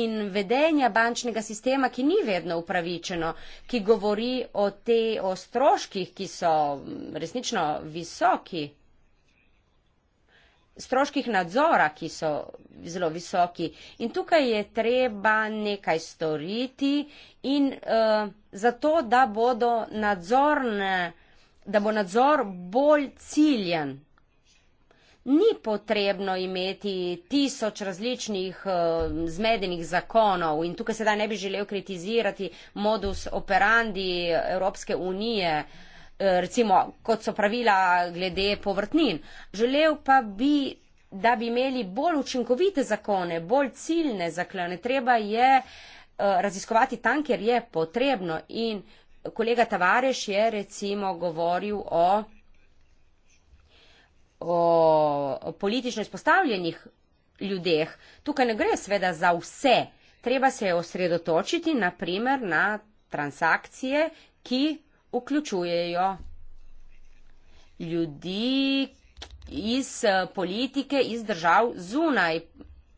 in vedenja bančnega sistema, ki ni vedno upravičeno, ki govori o te o stroških, ki so mm, resnično visoki, stroških nadzora, ki so zelo visoki. In tukaj je treba nekaj storiti in uh, zato, da bodo nadzorne uh, da bo nadzor bolj ciljen. Ni potrebno imeti tisoč različnih uh, zmedenih zakonov in tukaj sedaj ne bi želel kritizirati modus operandi Evropske unije, eh, recimo kot so pravila glede povrtnin. Želel pa bi, da bi imeli bolj učinkovite zakone, bolj ciljne zakone. Treba je uh, raziskovati tam, kjer je potrebno in uh, kolega Tavares je recimo govoril o, o politično izpostavljenih ljudeh. Tukaj ne gre sveda za vse. Treba se je osredotočiti naprimer na transakcije, ki vključujejo ljudi iz politike, iz držav zunaj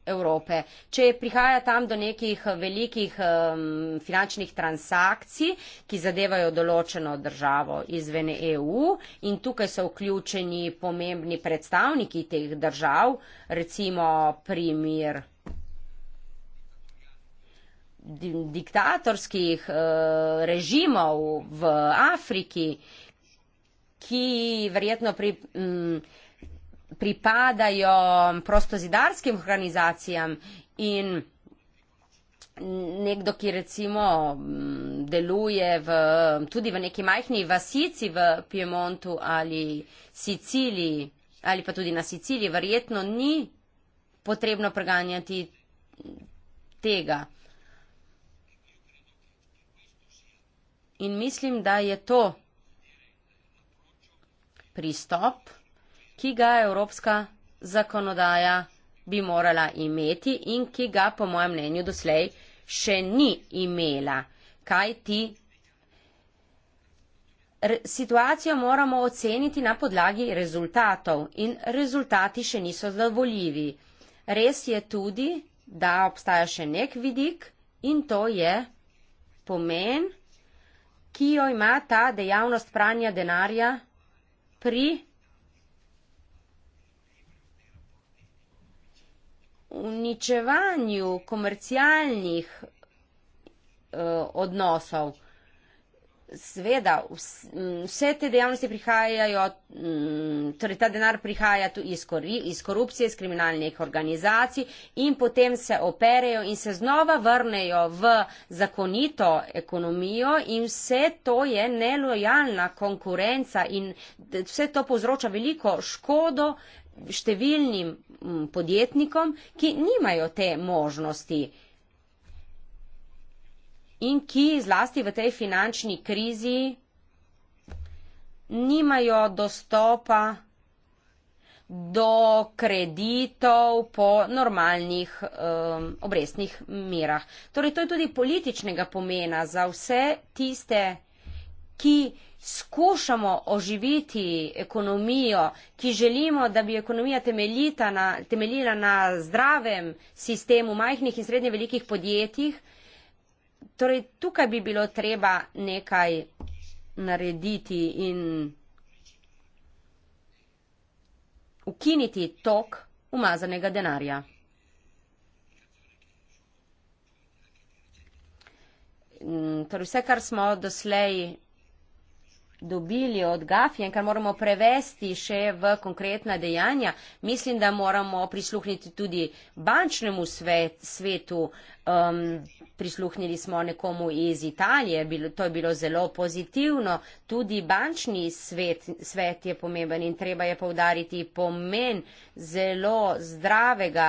Evrope. Če prihaja tam do nekih velikih um, finančnih transakcij, ki zadevajo določeno državo izven EU in tukaj so vključeni pomembni predstavniki teh držav, recimo primir diktatorskih uh, režimov v Afriki, ki verjetno pri. Um, pripadajo prostozidarskim organizacijam in nekdo, ki recimo mm, deluje v, tudi v neki majhni vasici v Piemontu ali Siciliji ali pa tudi na Siciliji, verjetno ni potrebno preganjati tega. In mislim, da je to pristop, ki ga evropska zakonodaja bi morala imeti in ki ga, po mojem mnenju, doslej še ni imela. Kaj ti? Re situacijo moramo oceniti na podlagi rezultatov in rezultati še niso zadovoljivi. Res je tudi, da obstaja še nek vidik in to je pomen, ki jo ima ta dejavnost pranja denarja pri uničevanju komercialnih uh, odnosov. Sveda, vs, mm, vse te dejavnosti prihajajo, m, mm, torej ta denar prihaja tu iz, kor, iz korupcije, iz kriminalnih organizacij in potem se operejo in se znova vrnejo v zakonito ekonomijo in vse to je nelojalna konkurenca in vse to povzroča veliko škodo, številnim mm, podjetnikom, ki nimajo te možnosti in ki zlasti v tej finančni krizi nimajo dostopa do kreditov po normalnih um, obrestnih mirah. Torej, to je tudi političnega pomena za vse tiste, ki ki skušamo oživiti ekonomijo, ki želimo, da bi ekonomija na, temeljila na zdravem sistemu majhnih in srednje velikih podjetjih, torej tukaj bi bilo treba nekaj narediti in ukiniti tok umazanega denarja. Torej vse, kar smo doslej dobili od Gafija in kar moramo prevesti še v konkretna dejanja, mislim, da moramo prisluhniti tudi bančnemu svet, svetu. Um, prisluhnili smo nekomu iz Italije, bilo, to je bilo zelo pozitivno. Tudi bančni svet, svet je pomemben in treba je povdariti pomen zelo zdravega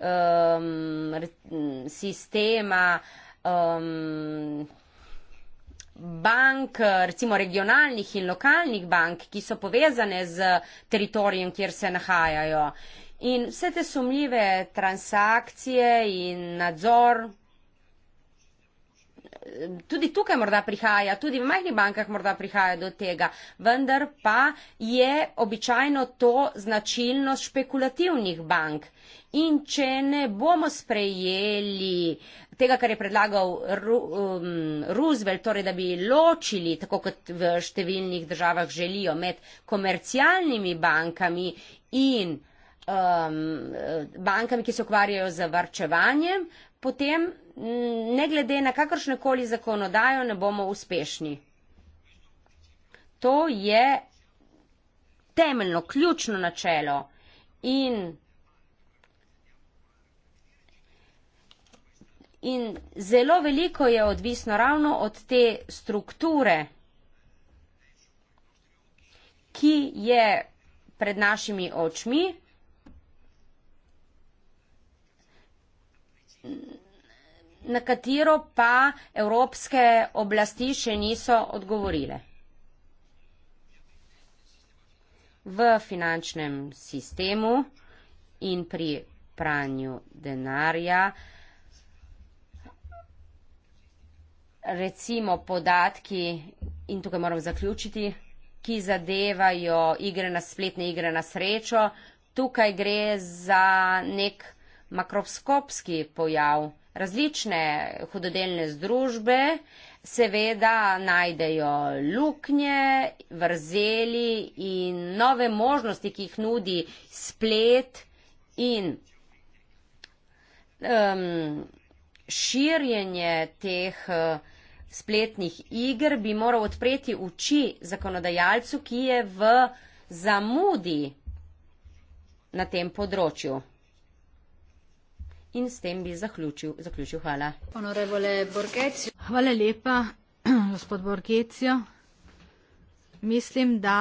um, sistema. Um, bank, recimo regionalnih in lokalnih bank, ki so povezane z teritorijem, kjer se nahajajo. In vse te sumljive transakcije in nadzor tudi tukaj morda prihaja, tudi v majhnih bankah morda prihaja do tega, vendar pa je običajno to značilnost špekulativnih bank. In če ne bomo sprejeli tega, kar je predlagal um, Roosevelt, torej da bi ločili, tako kot v številnih državah želijo, med komercialnimi bankami in um, bankami, ki se ukvarjajo z varčevanjem, potem mm, ne glede na kakršne koli zakonodajo ne bomo uspešni. To je temeljno, ključno načelo in, in zelo veliko je odvisno ravno od te strukture, ki je pred našimi očmi. na katero pa evropske oblasti še niso odgovorile. V finančnem sistemu in pri pranju denarja recimo podatki in tukaj moram zaključiti, ki zadevajo igre na spletne igre na srečo, tukaj gre za nek makroskopski pojav. Različne hudodelne združbe seveda najdejo luknje, vrzeli in nove možnosti, ki jih nudi splet in um, širjenje teh eh, spletnih igr bi moral odpreti oči zakonodajalcu, ki je v zamudi na tem področju in s tem bi zaključil, zaključil hvala. Hvala lepa, [clears throat] gospod Borgecijo. Mislim, da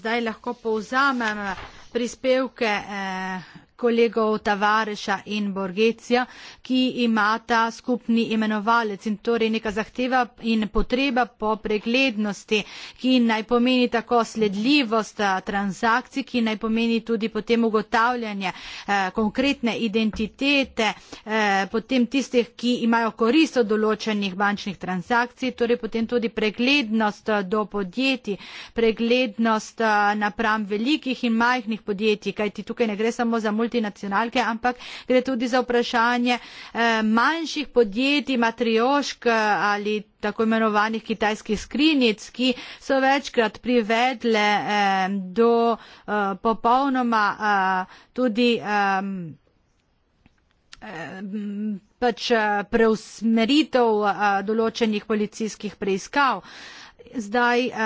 zdaj lahko povzamem prispevke. Eh, kolegov Tavareša in Borgecija, ki imata skupni imenovalec in torej neka zahteva in potreba po preglednosti, ki naj pomeni tako sledljivost eh, transakcij, ki naj pomeni tudi potem ugotavljanje eh, konkretne identitete eh, potem tistih, ki imajo korist od določenih bančnih transakcij, torej potem tudi preglednost eh, do podjetij, preglednost eh, napram velikih in majhnih podjetij, kajti tukaj ne gre samo za multinacionalno multinacionalke, ampak gre tudi za vprašanje eh, manjših podjetij, matriošk eh, ali tako imenovanih kitajskih skrinic, ki so večkrat privedle eh, do popolnoma tudi pač preusmeritev določenih policijskih preiskav. Zdaj uh,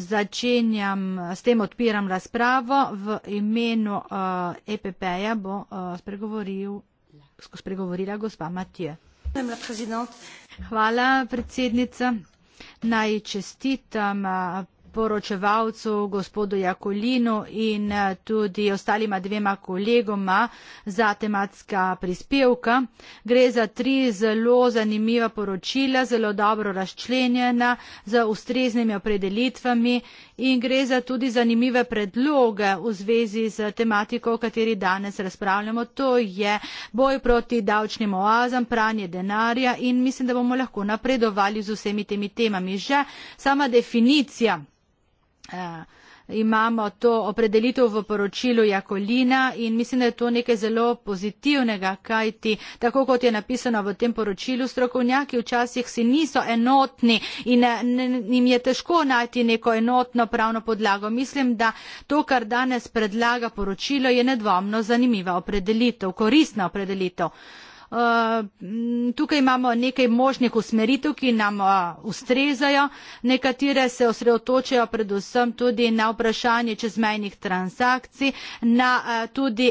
začenjam, s tem odpiram razpravo. V imenu uh, eh, EPP-ja bo uh, spregovorila gospa Matije. Hvala, predsednica. Naj čestitam. Uh, poročevalcu gospodu Jakolinu in eh, tudi ostalima dvema kolegoma za tematska prispevka. Gre za tri zelo zanimiva poročila, zelo dobro razčlenjena, z ustreznimi opredelitvami in gre za tudi zanimive predloge v zvezi z tematiko, o kateri danes razpravljamo. To je boj proti davčnim oazam, pranje denarja in mislim, da bomo lahko napredovali z vsemi temi temami. Že sama definicija Eh, imamo to opredelitev v poročilu Jakolina in mislim, da je to nekaj zelo pozitivnega, kajti tako kot je napisano v tem poročilu, strokovnjaki včasih si niso enotni in eh, jim je težko najti neko enotno pravno podlago. Mislim, da to, kar danes predlaga poročilo, je nedvomno zanimiva opredelitev, koristna opredelitev. Eh, tukaj imamo nekaj možnih usmeritev, ki nam eh, ustrezajo. Nekatere se osredotočajo predvsem tudi na vprašanje čezmejnih transakcij, na eh, tudi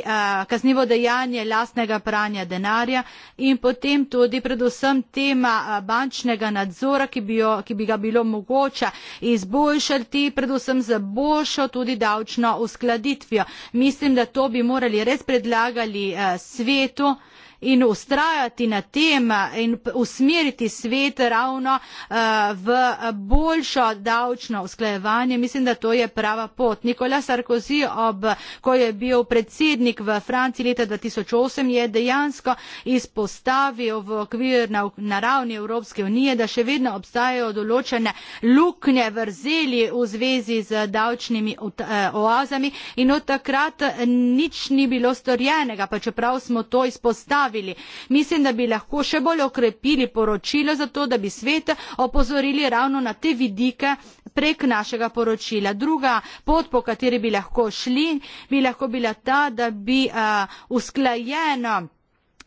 kaznivo dejanje lastnega pranja denarja in potem tudi predvsem tema bančnega nadzora, ki bi, jo, ki bi ga bilo mogoče izboljšati, predvsem za boljšo tudi davčno uskladitvijo. Mislim, da to bi morali res predlagali svetu in ustrajati na tem in usmeriti svet ravno eh, v boljšo davčno usklajevanje. Mislim, da to je prava pot. Nikola Sarkozy, ob, ko je bil predsednik v Franciji leta 2008, je dejansko izpostavil v okvir na, na ravni Evropske unije, da še vedno obstajajo določene luknje vrzeli v zvezi z davčnimi eh, oazami in od takrat nič ni bilo storjenega, pa čeprav smo to izpostavili pripravili. Mislim, da bi lahko še bolj okrepili poročilo za to, da bi svet opozorili ravno na te vidike prek našega poročila. Druga pot, po kateri bi lahko šli, bi lahko bila ta, da bi uh, usklajeno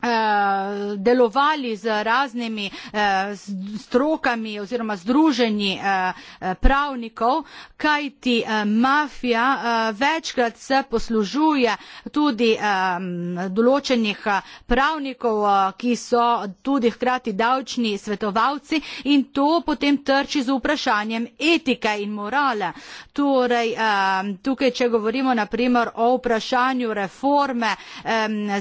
Eh, delovali z raznimi eh, strokami oziroma združenji eh, pravnikov, kajti mafija večkrat se poslužuje tudi določenih pravnikov, ki so tudi hkrati davčni svetovalci in to potem trči z vprašanjem etike in morale. Torej, tukaj, če govorimo naprimer o vprašanju reforme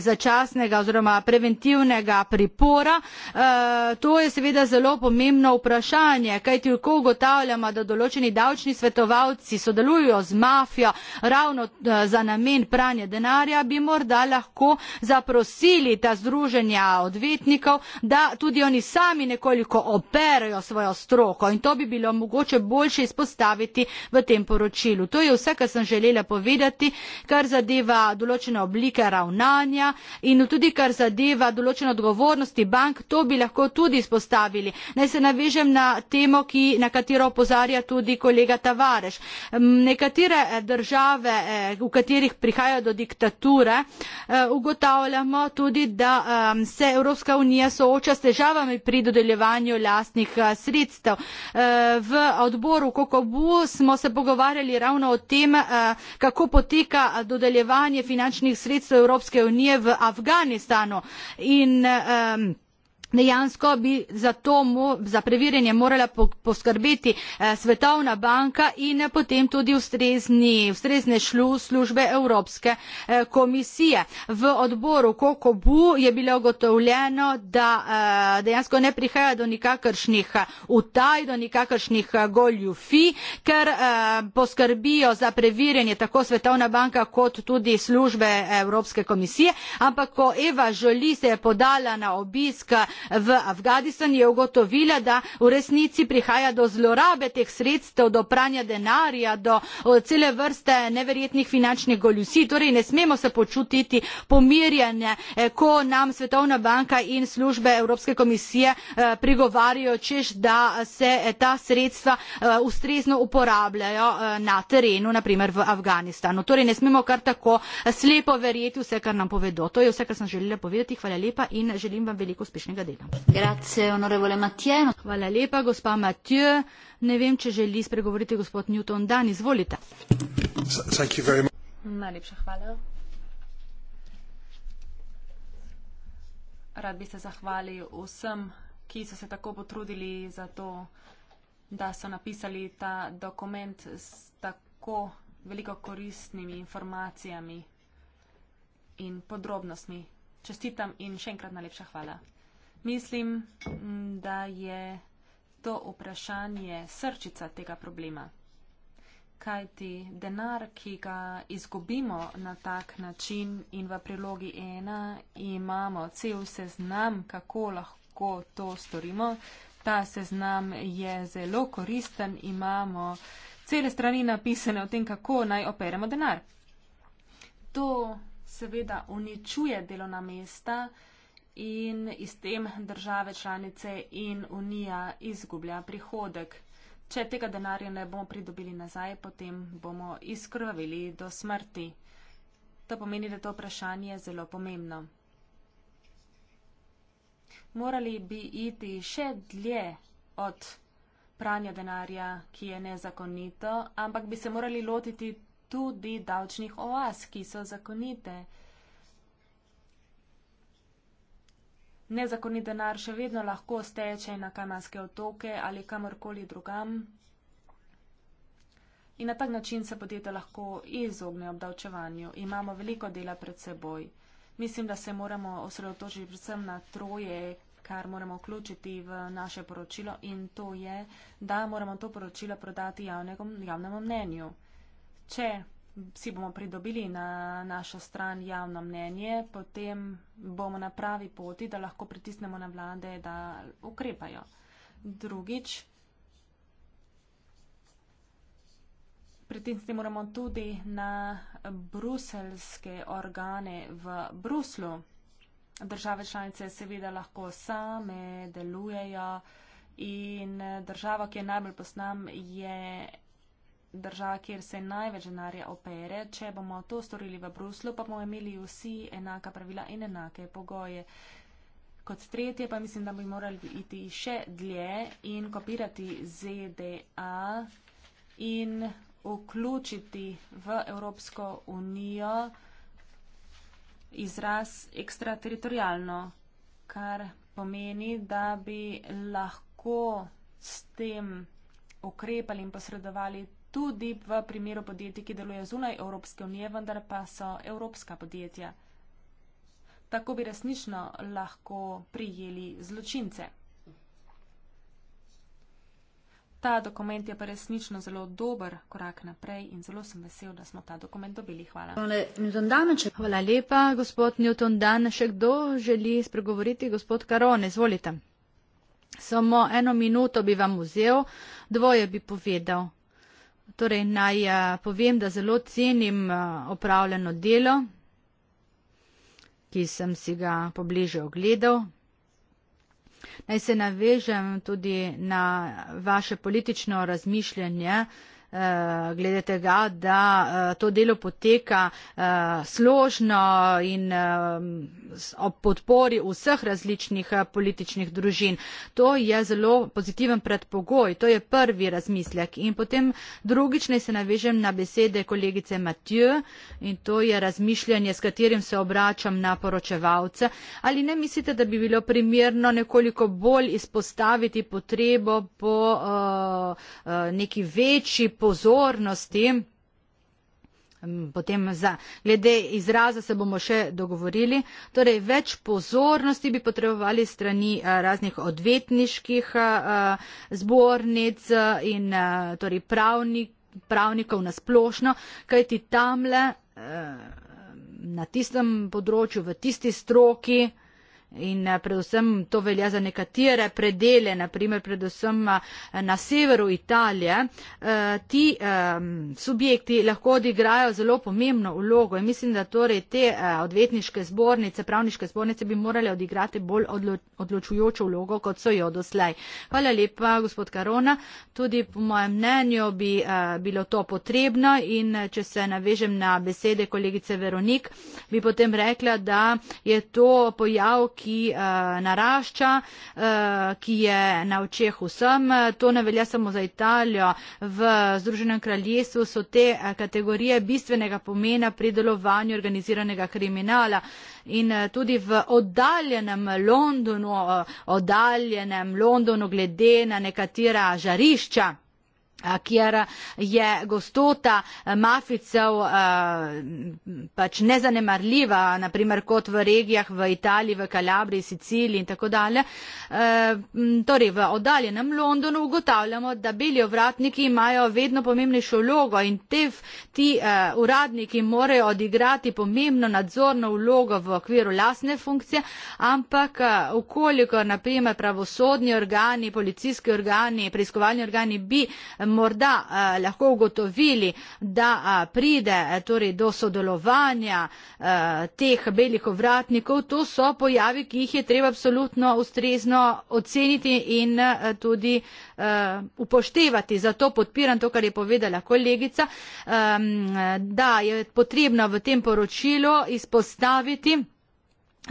začasnega oziroma prezidenta, preventivnega pripora. E, to je seveda zelo pomembno vprašanje, kajti ko ugotavljamo, da določeni davčni svetovalci sodelujo z mafijo ravno eh, za namen pranja denarja, bi morda lahko zaprosili ta združenja odvetnikov, da tudi oni sami nekoliko operajo svojo stroko in to bi bilo mogoče boljše izpostaviti v tem poročilu. To je vse, kar sem želela povedati, kar zadeva določene oblike ravnanja in tudi kar zadeva zadeva določene odgovornosti bank, to bi lahko tudi izpostavili. Naj se navežem na temo, ki, na katero opozarja tudi kolega Tavareš. Nekatere eh, države, eh, v katerih prihaja do diktature, eh, ugotavljamo tudi, da se Evropska unija sooča s težavami pri dodeljevanju lastnih sredstev. V odboru Kokobu smo se pogovarjali ravno o tem, kako poteka dodeljevanje finančnih sredstev Evropske unije v Afganistanu in um, dejansko bi za to za preverjanje morala poskrbeti eh, svetovna banka in eh, potem tudi ustrezni, ustrezne šlu, službe Evropske eh, komisije. V odboru Kokobu je bilo ugotovljeno, da dejansko ne prihaja do nikakršnih utaj, do nikakršnih goljufi, ker poskrbijo za preverjanje tako svetovna banka kot tudi službe Evropske komisije, ampak ko Eva Žoli se je podala na obisk v Afganistan je ugotovila, da v resnici prihaja do zlorabe teh sredstev, do pranja denarja, do eh, cele vrste neverjetnih finančnih goljusi. Torej ne smemo se počutiti pomirjene, eh, ko nam Svetovna banka in službe Evropske komisije eh, prigovarjajo, češ da se ta sredstva ustrezno uporabljajo na terenu, naprimer v Afganistanu. Torej ne smemo kar tako slepo verjeti vse, kar nam povedo. To je vse, kar sem želela povedati. Hvala lepa in želim vam veliko uspešnega dela besedo. Grazie, onorevole Matijeno. Hvala lepa, gospa Matijo. Ne vem, če želi spregovoriti gospod Newton. Dan, izvolite. Najlepša hvala. Rad bi se zahvalil vsem, ki so se tako potrudili za to, da so napisali ta dokument s tako veliko koristnimi informacijami in podrobnostmi. Čestitam in še enkrat najlepša hvala. Mislim, mm, da je to vprašanje srčica tega problema. Kaj ti denar, ki ga izgubimo na tak način in v prilogi ena imamo cel seznam, kako lahko to storimo. Ta seznam je zelo koristen, imamo cele strani napisane o tem, kako naj operemo denar. To seveda uničuje delovna mesta, in iz tem države članice in Unija izgublja prihodek. Če tega denarja ne bomo pridobili nazaj, potem bomo izkrvavili do smrti. To pomeni, da to vprašanje je zelo pomembno. Morali bi iti še dlje od pranja denarja, ki je nezakonito, ampak bi se morali lotiti tudi davčnih oas, ki so zakonite. Nezakonit denar še vedno lahko steče na Kajmanske otoke ali kamorkoli drugam. In na tak način se podjetja lahko izogne obdavčevanju. Imamo veliko dela pred seboj. Mislim, da se moramo osredotočiti predvsem na troje, kar moramo vključiti v naše poročilo in to je, da moramo to poročilo prodati javnemu mnenju. Če si bomo pridobili na našo stran javno mnenje, potem bomo na pravi poti, da lahko pritisnemo na vlade, da ukrepajo. Drugič, pritisniti moramo tudi na bruselske organe v Bruslu. Države članice seveda lahko same delujejo in država, ki je najbolj posnam, je država, kjer se največ denarja opere. Če bomo to storili v Bruslu, pa bomo imeli vsi enaka pravila in enake pogoje. Kot tretje pa mislim, da bi morali iti še dlje in kopirati ZDA in vključiti v Evropsko unijo izraz ekstrateritorijalno, kar pomeni, da bi lahko s tem ukrepali in posredovali tudi v primeru podjetij, ki delujejo zunaj Evropske unije, vendar pa so evropska podjetja. Tako bi resnično lahko prijeli zločince. Ta dokument je pa resnično zelo dober korak naprej in zelo sem vesel, da smo ta dokument dobili. Hvala. Hvala lepa, gospod Newton Dan. Še kdo želi spregovoriti? Gospod Karone, izvolite. Samo eno minuto bi vam vzel, dvoje bi povedal. Torej, naj uh, povem, da zelo cenim uh, opravljeno delo, ki sem si ga pobliže ogledal. Naj se navežem tudi na vaše politično razmišljanje uh, Eh, glede tega, da eh, to delo poteka eh, složno in ob podpori vseh različnih političnih družin. To je zelo pozitiven predpogoj, to je prvi razmislek. In potem drugič naj se navežem na besede kolegice Matju in to je razmišljanje, s katerim se obračam na poročevalce. Ali ne mislite, da bi bilo primerno nekoliko bolj izpostaviti potrebo po uh, uh, neki večji pozornost tem, mm, potem za glede izraza se bomo še dogovorili, torej več pozornosti bi potrebovali strani eh, raznih odvetniških eh, eh, zbornic in torej pravnik, pravnikov nasplošno, kajti tamle na tistem področju, v tisti stroki, In eh, predvsem to velja za nekatere predele, naprimer predvsem eh, na severu Italije. Eh, ti ehm, subjekti lahko odigrajo zelo pomembno vlogo in mislim, da torej te odvetniške zbornice, pravniške zbornice bi morale odigrati bolj odločujočo vlogo, kot so jo doslej. Hvala lepa, gospod Karona. Tudi po mojem mnenju bi bilo to potrebno in če se navežem na besede kolegice Veronik, bi potem rekla, da je to pojav, ki uh, narašča, uh, ki je na očeh vsem. To ne velja samo za Italijo. V Združenem kraljestvu so te eh, kategorije bistvenega pomena pri delovanju organiziranega kriminala. In tudi v oddaljenem Londonu, oddaljenem Londonu glede na nekatera žarišča, kjer je gostota eh, mafijcev eh, pač nezanemarljiva, naprimer kot v regijah v Italiji, v Kalabriji, Siciliji in tako dalje. Eh, torej, v oddaljenem Londonu ugotavljamo, da bili ovratniki imajo vedno pomembnejšo vlogo in tev, ti uradniki morajo odigrati pomembno nadzorno vlogo v okviru lasne funkcije, ampak ukoliko, naprimer, pravosodni organi, policijski organi, preiskovalni organi bi morda eh, lahko ugotovili, da eh, pride eh, torej do sodelovanja teh belih ovratnikov, to so pojavi, ki jih je treba absolutno ustrezno oceniti in tudi upoštevati. Zato podpiram to, kar je povedala kolegica, da je potrebno v tem poročilu izpostaviti,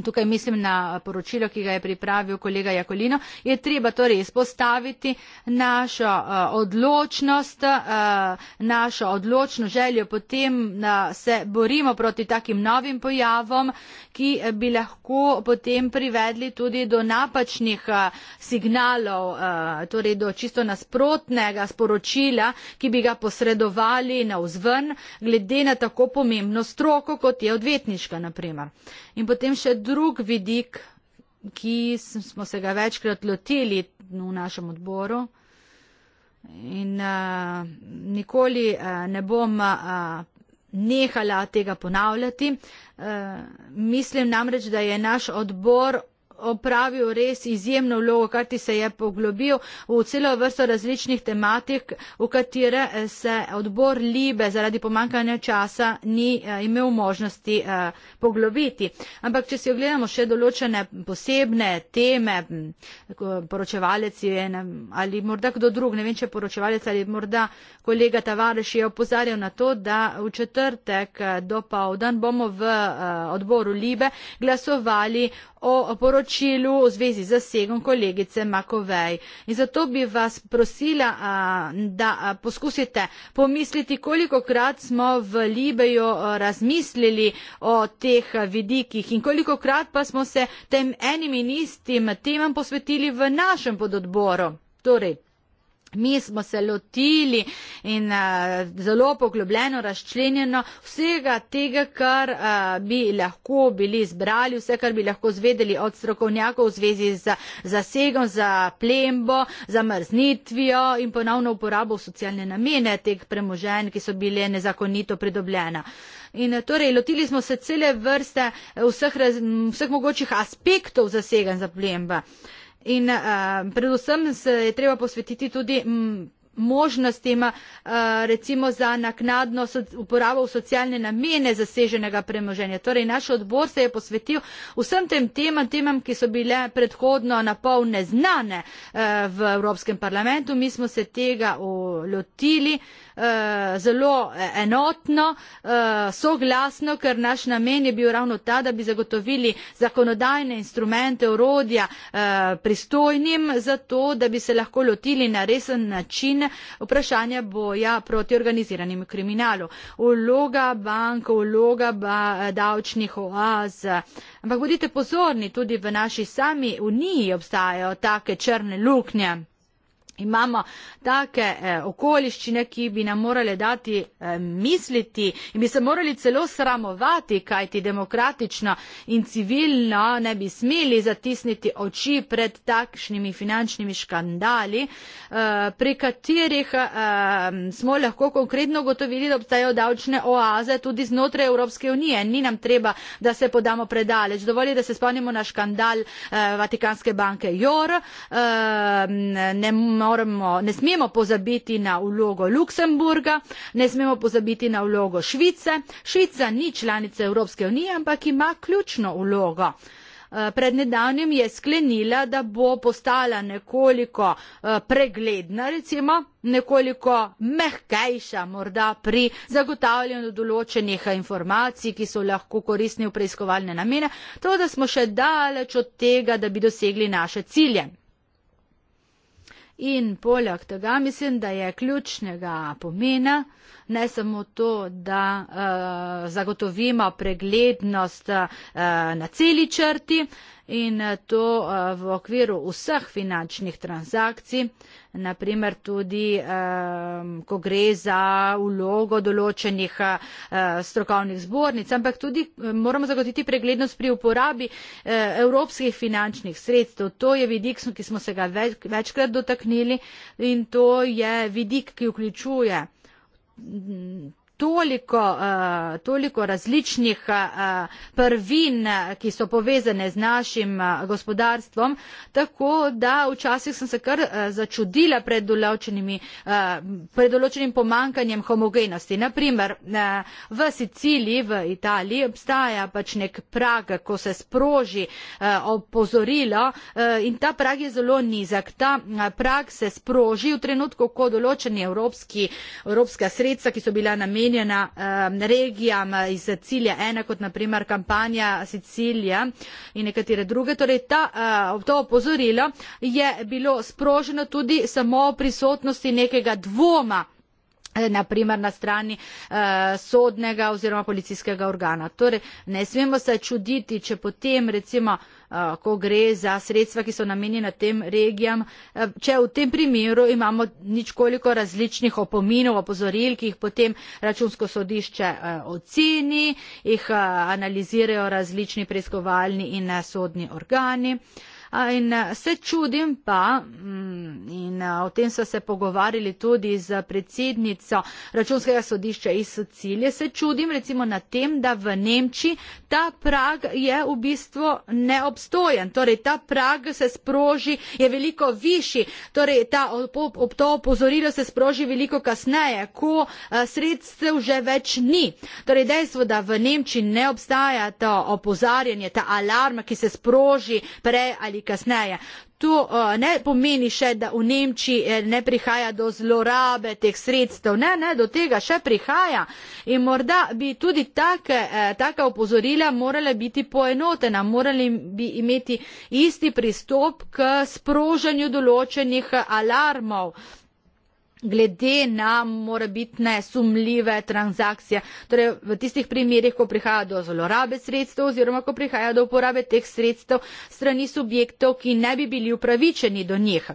tukaj mislim na poročilo, ki ga je pripravil kolega Jakolino, je treba torej izpostaviti našo uh, odločnost, uh, našo odločno željo, potem uh, se borimo proti takim novim pojavom, ki bi lahko potem privedli tudi do napačnih uh, signalov, uh, torej do čisto nasprotnega sporočila, ki bi ga posredovali na vzven, glede na tako pomembno stroko, kot je odvetniška, naprimer. In potem še drug vidik, ki smo se ga večkrat lotili v našem odboru. In uh, nikoli uh, ne bom uh, nehala tega ponavljati. Uh, mislim namreč, da je naš odbor opravil res izjemno vlogo, kar ti se je poglobil v celo vrsto različnih tematik, v katere eh, se odbor Libe zaradi pomankanja časa ni eh, imel možnosti eh, poglobiti. Ampak, če si ogledamo še določene posebne teme, poročevalec je ali morda kdo drug, ne vem, če poročevalec ali morda kolega Tavareš je opozarjal na to, da v četrtek do povdan bomo v odboru Libe glasovali o poročevalcu poročilu v zvezi z zasegom kolegice Makovej. In zato bi vas prosila, da poskusite pomisliti, koliko krat smo v Libeju razmislili o teh vidikih in koliko krat pa smo se tem enim in istim temam posvetili v našem pododboru. Torej, Mi smo se lotili in uh, zelo poglobljeno razčlenjeno vsega tega, kar uh, bi lahko bili zbrali, vse, kar bi lahko zvedeli od strokovnjakov v zvezi z zasegom, za plembo, za mrznitvijo in ponovno uporabo v socialne namene teh premožen, ki so bile nezakonito pridobljena. In eh, torej, lotili smo se cele vrste vseh, raz, vseh mogočih aspektov zasega za plemba. Uh, In uh, predvsem se je treba posvetiti tudi možnostima eh, recimo za naknadno uporabo v socialne namene zaseženega premoženja. Torej, naš odbor se je posvetil vsem tem temam, temam, ki so bile predhodno napol neznane eh, v Evropskem parlamentu. Mi smo se tega lotili. Eh, zelo eh, enotno, eh, soglasno, ker naš namen je bil ravno ta, da bi zagotovili zakonodajne instrumente, urodja pristojnim za to, da bi se lahko lotili na resen način vprašanja boja proti organiziranim kriminalu. Uloga bank, uloga ba, davčnih oaz. Ampak bodite pozorni, tudi v naši sami uniji obstajajo take črne luknje imamo take eh, okoliščine, ki bi nam morale dati eh, misliti in bi se morali celo sramovati, kajti demokratično in civilno ne bi smeli zatisniti oči pred takšnimi finančnimi škandali, eh, pri katerih eh, smo lahko konkretno gotovili, da obstajajo davčne oaze tudi znotraj Evropske unije. Ni nam treba, da se podamo predaleč. Dovolj je, da se spomnimo na škandal eh, Vatikanske banke JOR. Eh, moremo, ne smemo pozabiti na vlogo Luksemburga, ne smemo pozabiti na vlogo Švice. Švica ni članica Evropske unije, ampak ima ključno vlogo. Eh, pred nedavnjem je sklenila, da bo postala nekoliko eh, pregledna, recimo, nekoliko mehkejša morda pri zagotavljanju določenih informacij, ki so lahko koristni v preiskovalne namene, to, da smo še daleč od tega, da bi dosegli naše cilje. In poleg tega mislim, da je ključnega pomena ne samo to, da uh, zagotovimo preglednost uh, na celi črti, uh, in eh, to eh, v okviru vseh finančnih transakcij, naprimer tudi, ehm, ko gre za ulogo določenih eh, strokovnih zbornic, ampak tudi moramo zagotiti preglednost pri uporabi evropskih finančnih sredstev. To je vidik, ki smo se ga več, večkrat dotaknili in to je vidik, ki vključuje toliko, eh, toliko različnih eh, prvin, ki so povezane z našim eh, gospodarstvom, tako da včasih sem se kar začudila pred določenimi, pred določenim pomankanjem homogenosti. Naprimer, v Siciliji, v Italiji obstaja pač nek prag, ko se sproži opozorilo in ta prag je zelo nizak. Ta prag se sproži v trenutku, ko določeni evropski, evropska sredstva, ki so bila namenjena, namenjena um, regijam eh, iz cilja ena kot naprimer kampanja Sicilija in nekatere druge. Torej ta, uh, to opozorilo je bilo sproženo tudi samo v prisotnosti nekega dvoma eh, naprimer na strani eh, sodnega oziroma policijskega organa. Torej, ne smemo se čuditi, če potem recimo eh, Eh, ko gre za sredstva, ki so namenjena tem regijam. Eh, če v tem primeru imamo ničkoliko različnih opominov, opozoril, ki jih potem računsko sodišče eh, oceni, jih analizirajo različni preiskovalni in sodni organi. In se čudim pa, mm, in o tem so se pogovarjali tudi z predsednico računskega sodišča iz Sicilije, se čudim recimo na tem, da v Nemčiji ta prag je v bistvu neobstojen. Torej, ta prag se sproži, je veliko višji. Torej, ta ob to opozorilo se sproži veliko kasneje, ko sredstev že več ni. Torej, dejstvo, da v Nemčiji ne obstaja to opozarjanje, ta alarm, ki se sproži prej ali ali kasneje. To uh, ne pomeni še, da v Nemčiji eh, ne prihaja do zlorabe teh sredstev. Ne, ne, do tega še prihaja. In morda bi tudi take, eh, taka opozorila morala biti poenotena, morali bi imeti isti pristop k sprožanju določenih alarmov glede na morebitne sumljive transakcije. Torej, v tistih primerjih, ko prihaja do zlorabe sredstev oziroma ko prihaja do uporabe teh sredstev strani subjektov, ki ne bi bili upravičeni do njih.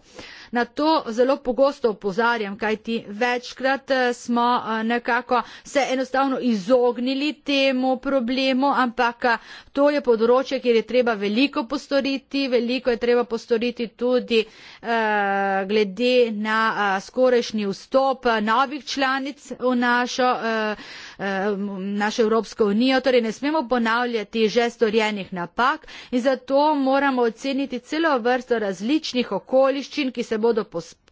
Na to zelo pogosto opozarjam, kajti večkrat eh, smo eh, nekako se enostavno izognili temu problemu, ampak eh, to je področje, kjer je treba veliko postoriti, veliko je treba postoriti tudi eh, glede na eh, skorešnji vstop novih članic v našo. Eh, Eh, našo Evropsko unijo, torej ne smemo ponavljati že storjenih napak in zato moramo oceniti celo vrsto različnih okoliščin, ki se bodo pospravili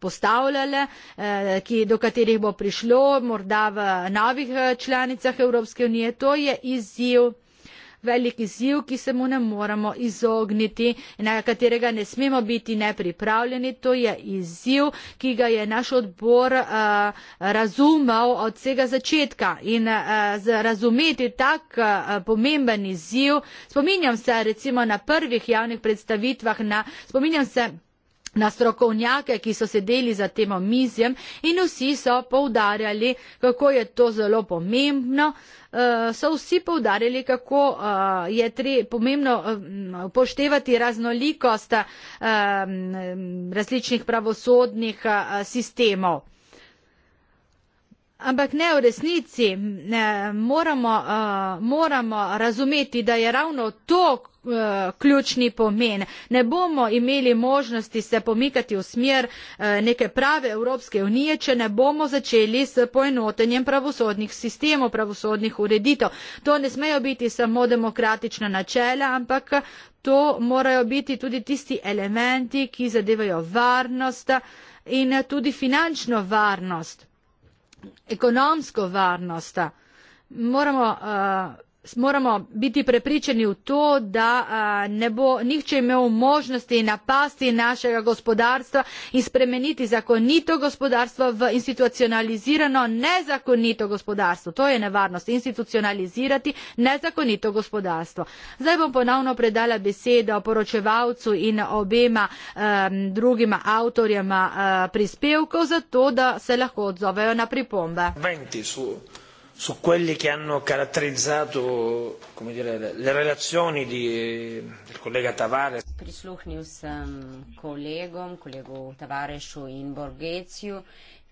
postavljale, eh, ki, do katerih bo prišlo morda v novih eh, članicah Evropske unije. To je izziv velik izziv, ki se mu ne moremo izogniti in na katerega ne smemo biti nepripravljeni. To je izziv, ki ga je naš odbor uh, razumel od vsega začetka in uh, razumeti tak uh, pomemben izziv. Spominjam se recimo na prvih javnih predstavitvah, na, spominjam se na strokovnjake, ki so sedeli za tem omizjem in vsi so poudarjali, kako je to zelo pomembno. Eh, so vsi poudarjali, kako eh, je tre, pomembno eh, poštevati raznolikost različnih pravosodnih sistemov. Ampak ne v resnici, ne, moramo, uh, moramo razumeti, da je ravno to, Eh, ključni pomen. Ne bomo imeli možnosti se pomikati v smer eh, neke prave Evropske unije, če ne bomo začeli s poenotenjem pravosodnih sistemov, pravosodnih ureditev. To ne smejo biti samo demokratična načela, ampak to morajo biti tudi tisti elementi, ki zadevajo varnost in tudi finančno varnost, ekonomsko varnost. Moramo uh, moramo biti prepričani v to, da ne bo nihče imel možnosti napasti našega gospodarstva in spremeniti zakonito gospodarstvo v institucionalizirano nezakonito gospodarstvo. To je nevarnost, institucionalizirati nezakonito gospodarstvo. Zdaj bom ponovno predala besedo poročevalcu in obema eh, drugima avtorjama eh, prispevkov, zato da se lahko odzovejo na pripombe. 20, su quelli che hanno caratterizzato come dire, le relazioni di, del collega Tavares. Prisluhnil sem kolegom, kolegu Tavaresu in Borgeciu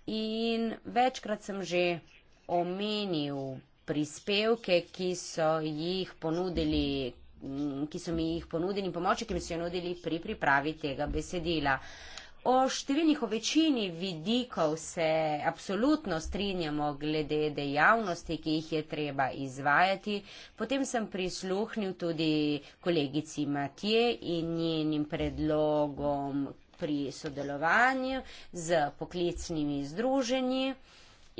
in večkrat sem že omenil prispevke, ki so jih ponudili ki so mi jih ponudili in pomoči, ki mi so jo nudili pri pripravi tega besedila. O številnih, o večini vidikov se absolutno strinjamo glede dejavnosti, ki jih je treba izvajati. Potem sem prisluhnil tudi kolegici Matije in njenim predlogom pri sodelovanju z poklicnimi združenji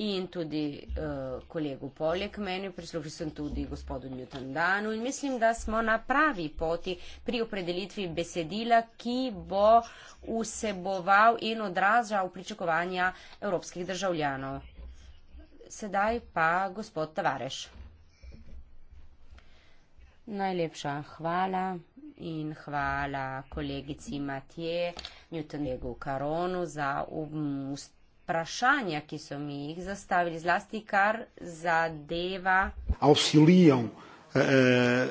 in tudi uh, kolegu Poljek meni, prislušil sem tudi gospodu Newton Danu in mislim, da smo na pravi poti pri opredelitvi besedila, ki bo vseboval in odražal pričakovanja evropskih državljanov. Sedaj pa gospod Tavareš. Najlepša hvala in hvala kolegici Matije Newton-Legu Karonu za umust vprašanja, ki so mi jih zastavili, zlasti kar zadeva. Auxiliam eh, eh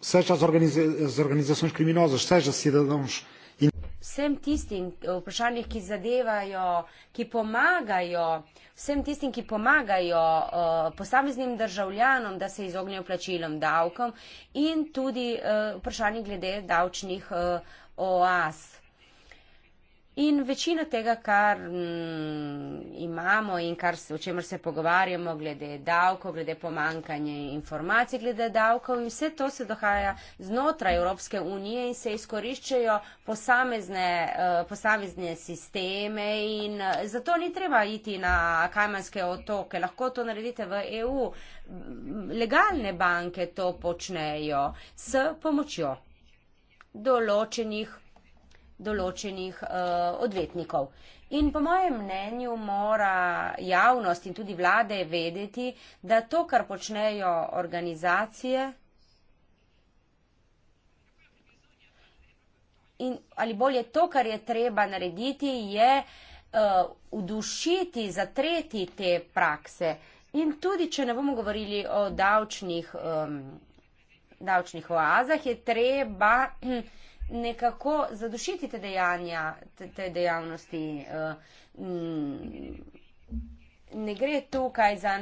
seča z, organiz z organizacijami kriminoza, seča s cidadanoms. Vsem tistim eh, vprašanjem, ki zadevajo, ki pomagajo, vsem tistim, ki pomagajo uh, posameznim državljanom, da se izognejo plačilom davkom in tudi uh, vprašanjem glede davčnih uh, oas. Uh, In večina tega, kar mm, imamo in kar, o čemer se pogovarjamo, glede davkov, glede pomankanja informacij, glede davkov, in vse to se dohaja znotraj Evropske unije in se izkoriščajo posamezne, eh, posamezne sisteme. In eh, zato ni treba iti na Kajmanske otoke, lahko to naredite v EU. Mm, legalne banke to počnejo s pomočjo določenih določenih uh, odvetnikov. In po mojem mnenju mora javnost in tudi vlade vedeti, da to, kar počnejo organizacije in ali bolje to, kar je treba narediti, je eh, udušiti, uh, zatreti te prakse. In tudi, če ne bomo govorili o davčnih, um, davčnih oazah, je treba. Um, nekako zadušiti te dejanja, te, te dejavnosti. Eh, mm, ne gre tukaj za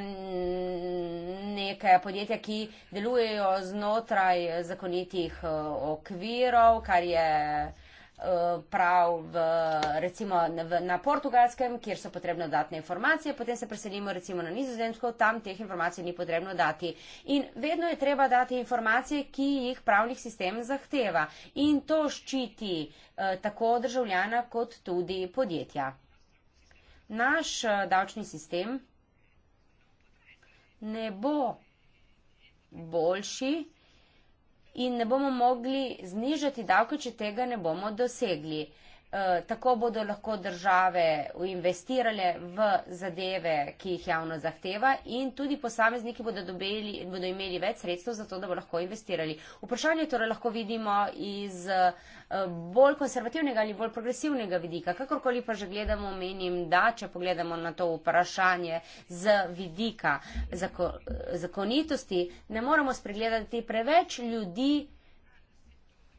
nekaj podjetja, ki delujejo znotraj zakonitih eh, okvirov, kar je Eh, prav v, recimo v, na portugalskem, kjer so potrebne dodatne informacije, potem se preselimo recimo na nizozemsko, tam teh informacij ni potrebno dati. In vedno je treba dati informacije, ki jih pravnih sistem zahteva. In to ščiti eh, tako državljana kot tudi podjetja. Naš eh, davčni sistem ne bo boljši, in ne bomo mogli znižati davka, če tega ne bomo dosegli. Eh, tako bodo lahko države investirale v zadeve, ki jih javno zahteva in tudi posamezniki bodo, dobili, bodo imeli več sredstev za to, da bo lahko investirali. Vprašanje torej lahko vidimo iz eh, bolj konservativnega ali bolj progresivnega vidika. Kakorkoli pa že gledamo, menim, da če pogledamo na to vprašanje z vidika zakonitosti, ne moremo spregledati preveč ljudi,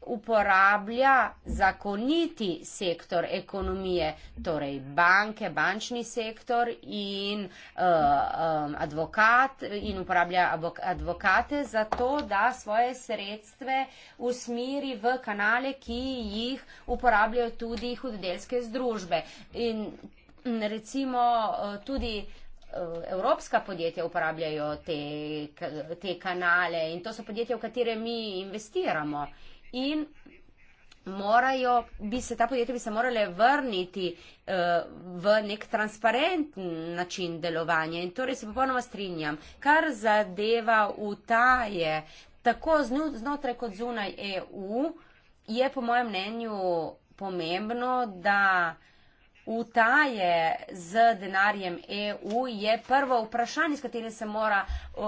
uporablja zakoniti sektor ekonomije, torej banke, bančni sektor in uh, um, advokat in uporablja advokate za to, da svoje sredstve usmiri v kanale, ki jih uporabljajo tudi hudodelske združbe. In recimo uh, tudi Evropska podjetja uporabljajo te, te kanale in to so podjetja, v katere mi investiramo in morajo, bi se ta podjetja bi se morale vrniti uh, v nek transparenten način delovanja in torej se popolnoma strinjam, kar zadeva utaje tako znotraj kot zunaj EU, je po mojem mnenju pomembno, da uh, utaje z denarjem EU, je prvo vprašanje, s katerim se mora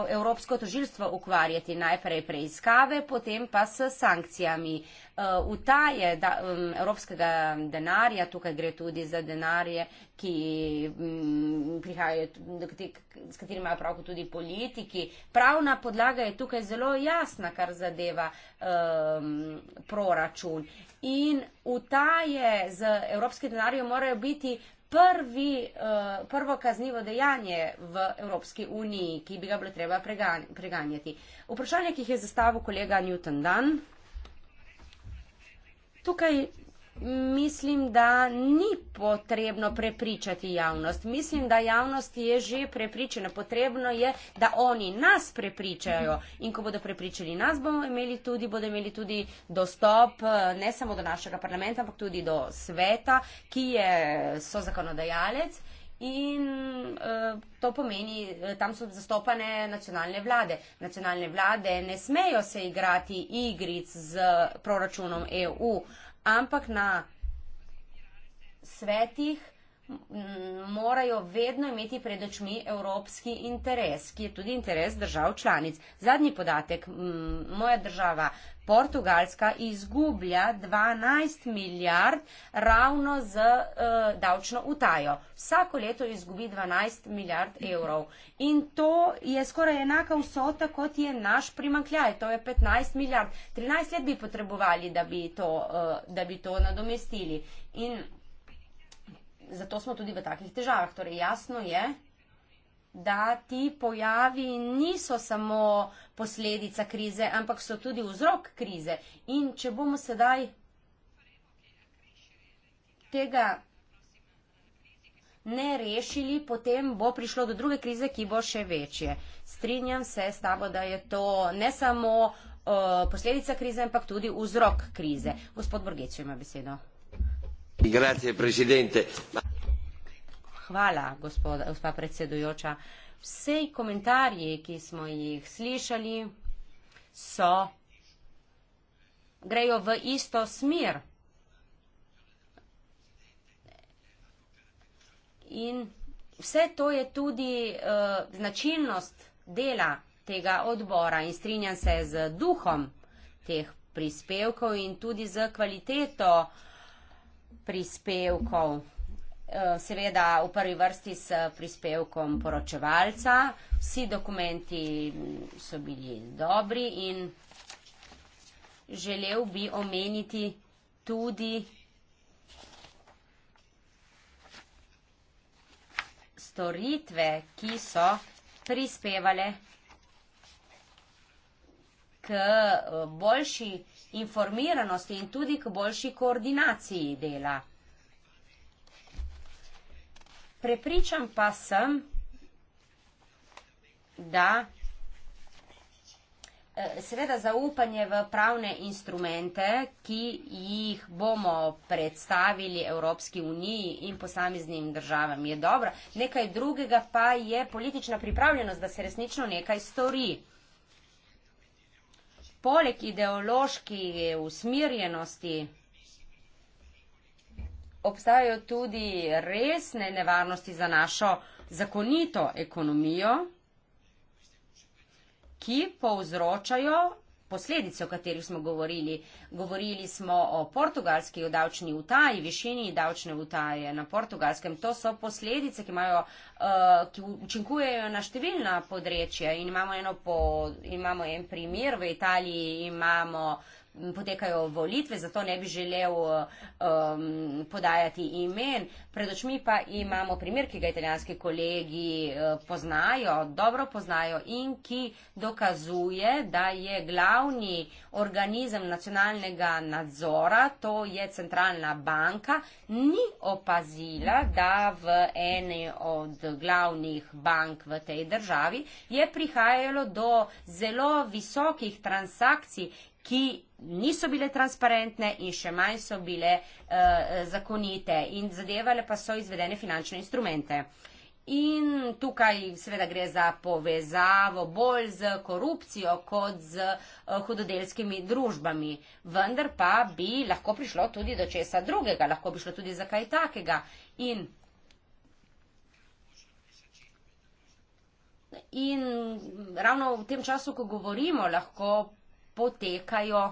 Evropsko tožilstvo ukvarjati. Najprej preiskave, potem pa s sankcijami uh, utaje da, um, evropskega denarja, tukaj gre tudi za denarje, ki um, prihajajo, s katerimi imajo pravko tudi politiki. Pravna podlaga je tukaj zelo jasna, kar zadeva um, proračun. In utaje z evropskim denarjem morajo biti. Prvi, eh, prvo kaznivo dejanje v Evropski uniji, ki bi ga bilo treba preganjati. Vprašanje, ki jih je zastavil kolega Newton Dunn tukaj mislim, da ni potrebno prepričati javnost. Mislim, da javnost je že prepričana. Potrebno je, da oni nas prepričajo in ko bodo prepričali nas, bomo imeli tudi, bodo imeli tudi dostop ne samo do našega parlamenta, ampak tudi do sveta, ki je sozakonodajalec. In uh, to pomeni, eh, tam so zastopane nacionalne vlade. Nacionalne vlade ne smejo se igrati igric z proračunom EU, ampak na svetih Mm, morajo vedno imeti pred očmi evropski interes, ki je tudi interes držav članic. Zadnji podatek, mm, moja država Portugalska izgublja 12 milijard ravno z uh, davčno utajo. Vsako leto izgubi 12 milijard evrov. In to je skoraj enaka vsota, kot je naš primankljaj. To je 15 milijard. 13 let bi potrebovali, da bi to, uh, da bi to nadomestili. In zato smo tudi v takih težavah. Torej, jasno je, da ti pojavi niso samo posledica krize, ampak so tudi vzrok krize. In če bomo sedaj tega ne rešili, potem bo prišlo do druge krize, ki bo še večje. Strinjam se s tabo, da je to ne samo uh, posledica krize, ampak tudi vzrok krize. Gospod Borgeč ima besedo. Hvala, gospod, gospa predsedujoča. Vse komentarji, ki smo jih slišali, so, grejo v isto smer. In vse to je tudi uh, značilnost dela tega odbora in strinjam se z duhom teh prispevkov in tudi z kvaliteto uh, prispevkov. Eh, seveda v prvi vrsti s prispevkom poročevalca. Vsi dokumenti so bili dobri in želel bi omeniti tudi storitve, ki so prispevale k eh, boljši prispevku informiranosti in tudi k boljši koordinaciji dela. Prepričam pa sem, da e, seveda zaupanje v pravne instrumente, ki jih bomo predstavili Evropski uniji in posameznim državam, je dobro. Nekaj drugega pa je politična pripravljenost, da se resnično nekaj stori poleg ideološki usmirjenosti obstajajo tudi resne nevarnosti za našo zakonito ekonomijo, ki povzročajo posledice, o katerih smo govorili. Govorili smo o portugalski davčni utaji, višini davčne utaje na portugalskem. To so posledice, ki, imajo, uh, ki učinkujejo na številna področja. In imamo, eno po, imamo en primer, v Italiji imamo uh, potekajo volitve, zato ne bi želel um, podajati imen. Pred očmi pa imamo primer, ki ga italijanski kolegi uh, poznajo, dobro poznajo in ki dokazuje, da je glavni organizem nacionalnega nadzora, to je centralna banka, ni opazila, da v eni od glavnih bank v tej državi je prihajalo do zelo visokih transakcij ki niso bile transparentne in še manj so bile uh, zakonite in zadevale pa so izvedene finančne instrumente. In tukaj seveda gre za povezavo bolj z korupcijo kot z eh, hudodelskimi družbami. Vendar pa bi lahko prišlo tudi do česa drugega, lahko bi šlo tudi za kaj takega. In, in ravno v tem času, ko govorimo, lahko potekajo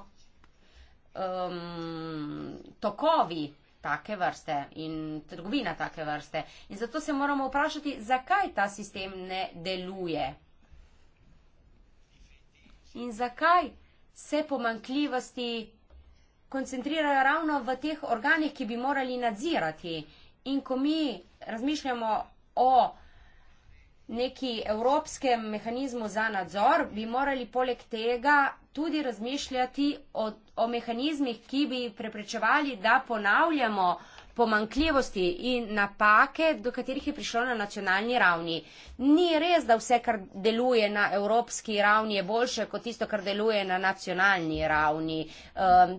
um, tokovi take vrste in trgovina take vrste. In zato se moramo vprašati, zakaj ta sistem ne deluje. In zakaj se pomankljivosti koncentrirajo ravno v teh organih, ki bi morali nadzirati. In ko mi razmišljamo o neki evropskem mehanizmu za nadzor, bi morali poleg tega tudi razmišljati o, o mehanizmih, ki bi preprečevali, da ponavljamo pomankljivosti in napake, do katerih je prišlo na nacionalni ravni. Ni res, da vse, kar deluje na evropski ravni, je boljše kot tisto, kar deluje na nacionalni ravni. Um,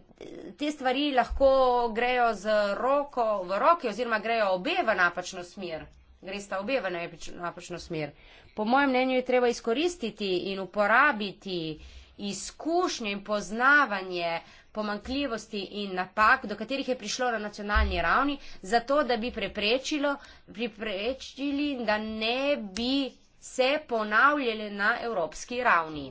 te stvari lahko grejo z roko v roke oziroma grejo obe v napačno smer gre sta obe v napačno smer. Po mojem mnenju je treba izkoristiti in uporabiti izkušnje in poznavanje pomankljivosti in napak, do katerih je prišlo na nacionalni ravni, zato da bi preprečili, da ne bi se ponavljali na evropski ravni.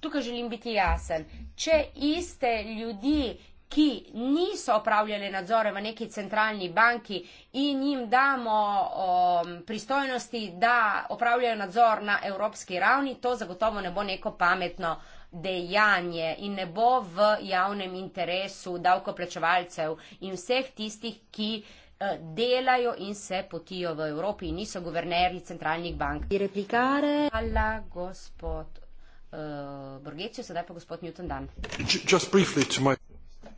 Tukaj želim biti jasen. Če iste ljudi, ki niso opravljali nadzore v neki centralni banki in jim damo um, pristojnosti, da opravljajo nadzor na evropski ravni, to zagotovo ne bo neko pametno dejanje in ne bo v javnem interesu davkoplačevalcev in vseh tistih, ki eh, delajo in se potijo v Evropi in niso guvernerji centralnih bank. Replikare. Hvala, gospod uh, eh, Borgecio, sedaj pa gospod Newton Dan. J just briefly to my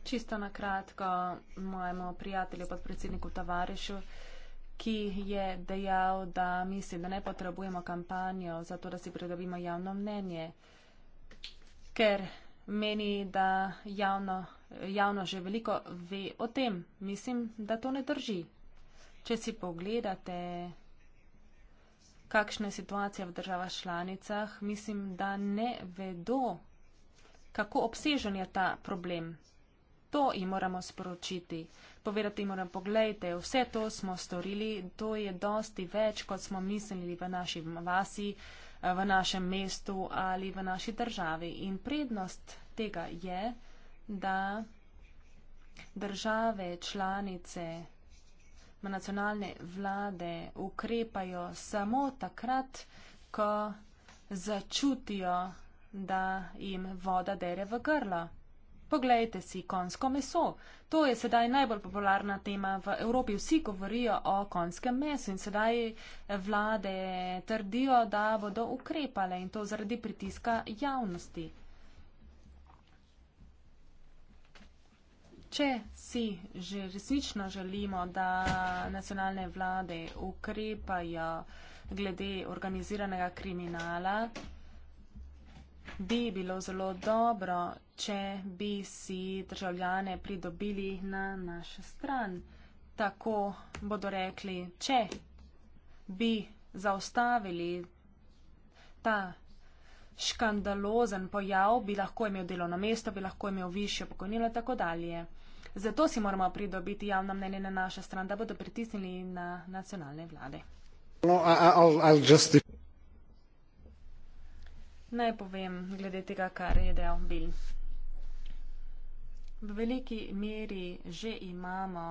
čisto na kratko mojemu prijatelju, podpredsedniku Tavarišu, ki je dejal, da misli, da ne potrebujemo kampanjo za to, da si pridobimo javno mnenje, ker meni, da javno, javno že veliko ve o tem. Mislim, da to ne drži. Če si pogledate, kakšna je situacija v državah članicah, mislim, da ne vedo, kako obsežen je ta problem to jim moramo sporočiti. Povedati moramo, pogledajte, vse to smo storili, to je dosti več, kot smo mislili v naši vasi, v našem mestu ali v naši državi. In prednost tega je, da države, članice, nacionalne vlade ukrepajo samo takrat, ko začutijo, da jim voda dere v grlo. Poglejte si konsko meso. To je sedaj najbolj popularna tema v Evropi. Vsi govorijo o konskem mesu in sedaj vlade trdijo, da bodo ukrepale in to zaradi pritiska javnosti. Če si že resnično želimo, da nacionalne vlade ukrepajo glede organiziranega kriminala, bi bilo zelo dobro, če bi si državljane pridobili na našo stran. Tako bodo rekli, če bi zaustavili ta škandalozen pojav, bi lahko imel delovno mesto, bi lahko imel višjo pokojnino in tako dalje. Zato si moramo pridobiti javno mnenje na našo stran, da bodo pritisnili na nacionalne vlade. No, I'll, I'll just... Naj povem glede tega, kar je dejal Bill. V veliki meri že imamo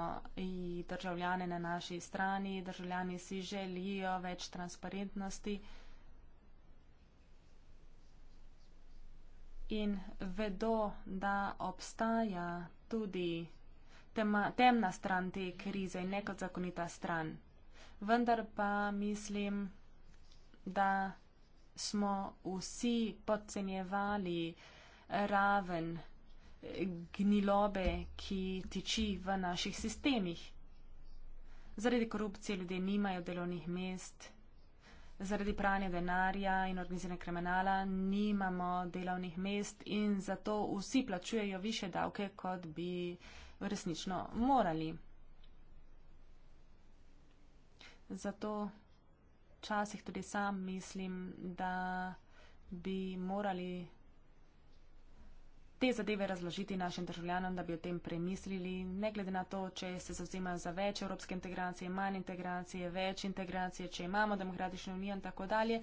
državljane na naši strani, državljani si želijo več transparentnosti in vedo, da obstaja tudi tema, temna stran te krize in nekot zakonita stran. Vendar pa mislim, da smo vsi podcenjevali raven gnilobe, ki tiči v naših sistemih. Zaradi korupcije ljudje nimajo delovnih mest, zaradi pranja denarja in organizirane kriminala nimamo delovnih mest in zato vsi plačujejo više davke, kot bi resnično morali. Zato včasih tudi sam mislim, da bi morali te zadeve razložiti našim državljanom, da bi o tem premislili, ne glede na to, če se zazima za več evropske integracije, manj integracije, več integracije, če imamo demokratično unijo in tako dalje.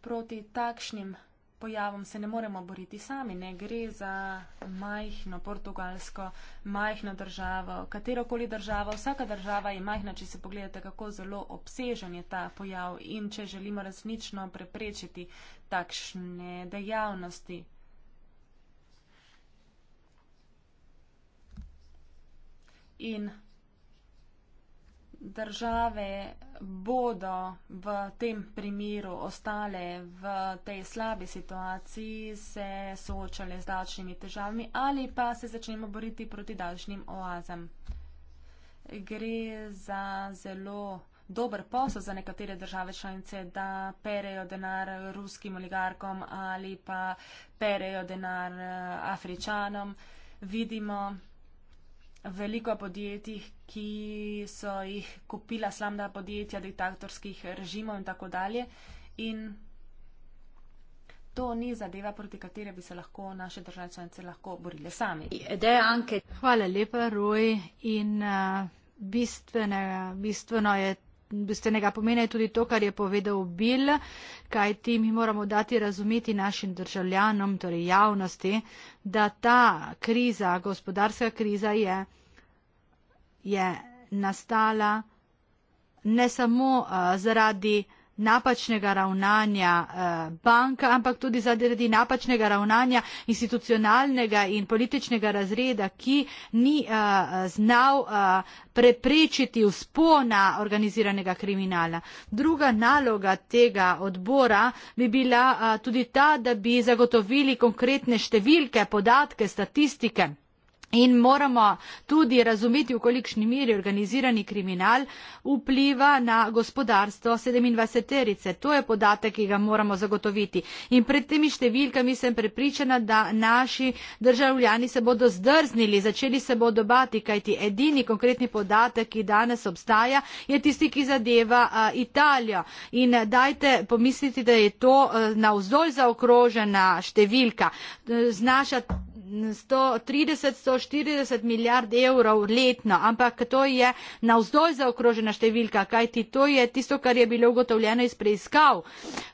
Proti takšnim pojavom se ne moremo boriti sami, ne gre za majhno portugalsko, majhno državo, katerokoli državo, vsaka država je majhna, če se pogledate, kako zelo obsežen je ta pojav in če želimo resnično preprečiti takšne dejavnosti. In države bodo v tem primeru ostale v tej slabi situaciji, se soočale z davčnimi težavami ali pa se začnemo boriti proti davčnim oazam. Gre za zelo dober posel za nekatere države članice, da perejo denar ruskim oligarkom ali pa perejo denar eh, afričanom. Vidimo, veliko podjetij, ki so jih kupila slamna podjetja diktatorskih režimov in tako dalje. In to ni zadeva, proti katere bi se lahko naše države članice lahko borile sami. Hvala lepa, Roj. In uh, bistvenega, bistveno je. Bistvenega pomena je tudi to, kar je povedal Bill, kaj ti mi moramo dati razumeti našim državljanom, torej javnosti, da ta kriza, gospodarska kriza je je nastala ne samo uh, zaradi napačnega ravnanja uh, eh, banka, ampak tudi zaradi napačnega ravnanja institucionalnega in političnega razreda, ki ni uh, znal uh, preprečiti vzpona organiziranega kriminala. Druga naloga tega odbora bi bila uh, tudi ta, da bi zagotovili konkretne številke, podatke, statistike. In moramo tudi razumeti, v kolikšni meri organizirani kriminal vpliva na gospodarstvo 27-terice. To je podatek, ki ga moramo zagotoviti. In pred temi številkami sem prepričana, da naši državljani se bodo zdrznili, začeli se bodo bati, kajti edini konkretni podatek, ki danes obstaja, je tisti, ki zadeva Italijo. In dajte pomisliti, da je to navzdolj zaokrožena številka. Znaša 130, 140 milijard evrov letno, ampak to je navzdolj zaokrožena številka, kajti to je tisto, kar je bilo ugotovljeno iz preiskav,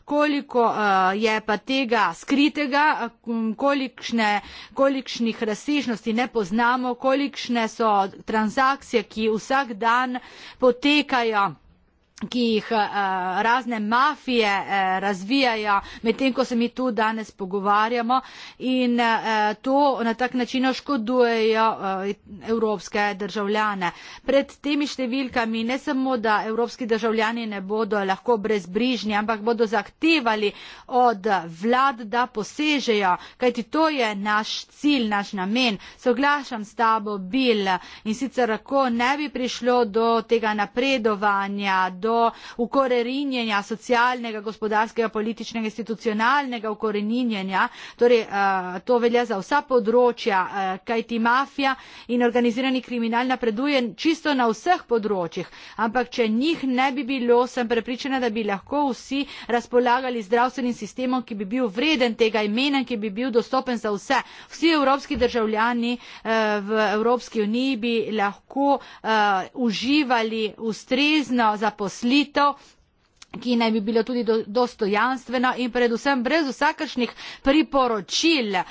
koliko uh, je pa tega skritega, hm, kolikšne, kolikšnih razsežnosti ne poznamo, kolikšne so transakcije, ki vsak dan potekajo ki jih eh, razne mafije eh, razvijajo, medtem ko se mi tu danes pogovarjamo in eh, to na tak način oškodujejo evropske državljane. Pred temi številkami ne samo, da evropski državljani ne bodo lahko brezbrižni, ampak bodo zahtevali od vlad, da posežejo, kajti to je naš cilj, naš namen. Soglašam s tabo, Bill, in sicer, ko ne bi prišlo do tega napredovanja, do do ukoreninjenja socialnega, gospodarskega, političnega, institucionalnega ukoreninjenja. Torej, eh, to velja za vsa področja, eh, kajti mafija in organizirani kriminal napreduje čisto na vseh področjih, ampak če njih ne bi bilo, sem prepričana, da bi lahko vsi razpolagali zdravstvenim sistemom, ki bi bil vreden tega imena, ki bi bil dostopen za vse. Vsi evropski državljani eh, v Evropski uniji bi lahko uživali ustrezno zaposlenje, zaposlitev, ki naj bi bila tudi do, dostojanstvena in predvsem brez vsakršnih priporočil uh,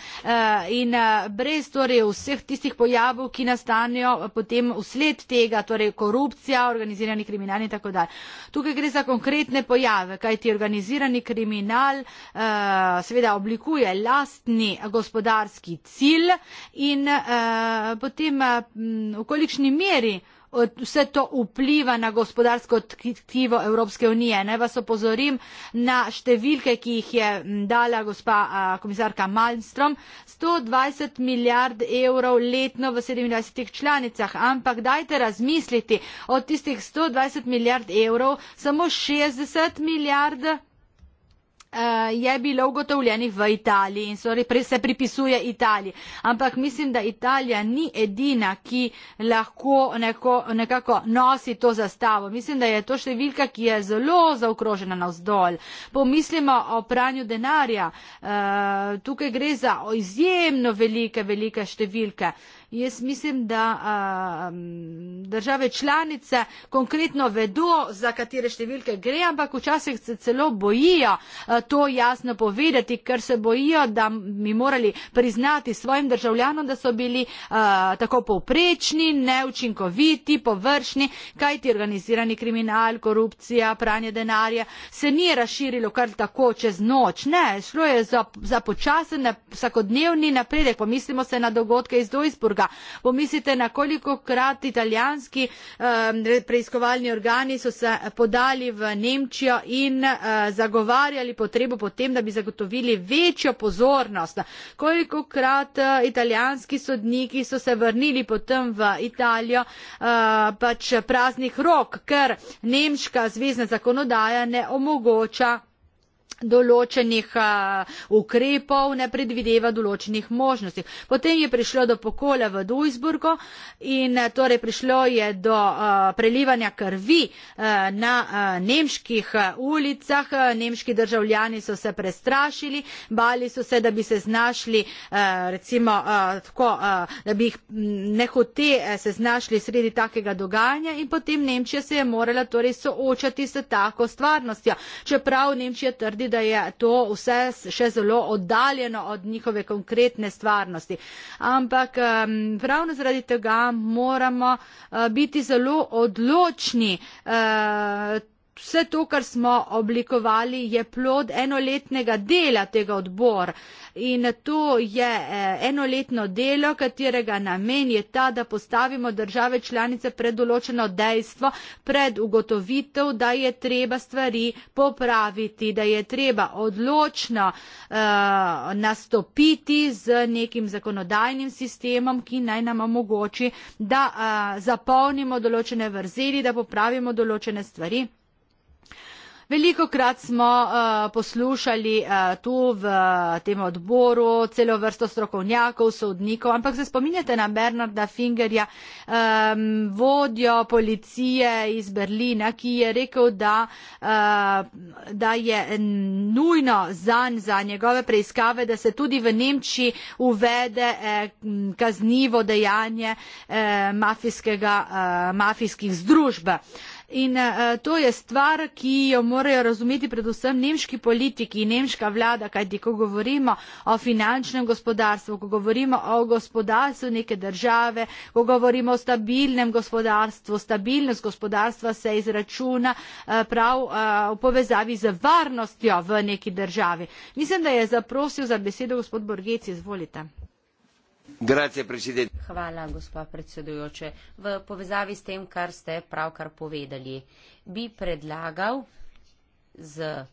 in uh, brez torej vseh tistih pojavov, ki nastanejo eh, potem vsled tega, torej korupcija, organizirani kriminal in tako dalje. Tukaj gre za konkretne pojave, kajti organizirani kriminal uh, seveda oblikuje lastni gospodarski cilj in uh, potem uh, v kolikšni meri uh, vse to vpliva na gospodarsko tkivo Evropske unije. Naj vas opozorim na številke, ki jih je dala gospa komisarka Malmstrom. 120 milijard evrov letno v 27 članicah, ampak dajte razmisliti od tistih 120 milijard evrov samo 60 milijard evrov Eh, je bilo ugotovljenih v Italiji in se pripisuje Italiji. Ampak mislim, da Italija ni edina, ki lahko neko, nekako nosi to zastavo. Mislim, da je to številka, ki je zelo zaokrožena navzdolj. Pomislimo o pranju denarja. Eh, tukaj gre za izjemno velike, velike številke. Jaz mislim, da a, države članice konkretno vedo, za katere številke gre, ampak včasih se celo bojijo a, to jasno povedati, ker se bojijo, da bi morali priznati svojim državljanom, da so bili a, tako povprečni, neučinkoviti, površni, kaj ti organizirani kriminal, korupcija, pranje denarja se ni razširilo kar tako čez noč. Ne, šlo je za, za počasen vsakodnevni napredek. Pomislimo se na dogodke iz Doisburga. Pariga. Pomislite, na koliko krat italijanski eh, preiskovalni organi so se podali v Nemčijo in eh, zagovarjali potrebo potem, da bi zagotovili večjo pozornost. Koliko krat eh, italijanski sodniki so se vrnili potem v Italijo eh, pač praznih rok, ker nemška zvezdna zakonodaja ne omogoča določenih ukrepov, ne predvideva določenih možnosti. Potem je prišlo do pokola v Duisburgu in torej prišlo je do prelivanja krvi na nemških ulicah. Nemški državljani so se prestrašili, bali so se, da bi se znašli, recimo, tako, da bi jih nehote se znašli sredi takega dogajanja in potem Nemčija se je morala torej soočati s tako stvarnostjo. Čeprav Nemčija trdi, trdi, da je to vse še zelo oddaljeno od njihove konkretne stvarnosti. Ampak ravno zaradi tega moramo eh, biti zelo odločni. Eh, vse to, kar smo oblikovali, je plod enoletnega dela tega odbor. In to je eh, enoletno delo, katerega namen je ta, da postavimo države članice pred določeno dejstvo, pred ugotovitev, da je treba stvari popraviti, da je treba odločno uh, nastopiti z nekim zakonodajnim sistemom, ki naj nam omogoči, da uh, zapolnimo določene vrzeli, da popravimo določene stvari. Veliko krat smo uh, poslušali uh, tu v uh, tem odboru celo vrsto strokovnjakov, sodnikov, ampak se spominjate na Bernarda Fingerja, um, vodjo policije iz Berlina, ki je rekel, da, uh, da je nujno za, za njegove preiskave, da se tudi v Nemčiji uvede eh, kaznivo dejanje eh, mafijskih eh, združb. Uh, In uh, to je stvar, ki jo morajo razumeti predvsem nemški politiki in nemška vlada, kajti ko govorimo o finančnem gospodarstvu, ko govorimo o gospodarstvu neke države, ko govorimo o stabilnem gospodarstvu, stabilnost gospodarstva se izračuna uh, prav uh, v povezavi z varnostjo v neki državi. Mislim, da je zaprosil za besedo gospod Borgeci, izvolite. Hvala, gospa predsedujoče. V povezavi s tem, kar ste pravkar povedali, bi predlagal z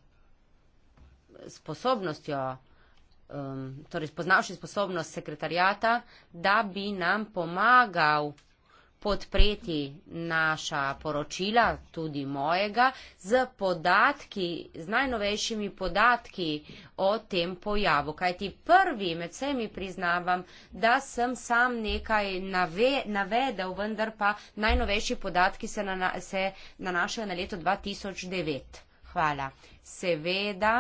sposobnostjo, um, torej spoznavši sposobnost sekretarjata, da bi nam pomagal podpreti naša poročila, tudi mojega, z podatki, z najnovejšimi podatki o tem pojavu. Kajti prvi med vsemi priznavam, da sem sam nekaj nave, navedel, vendar pa najnovejši podatki se, na, se nanašajo na leto 2009. Hvala. Seveda,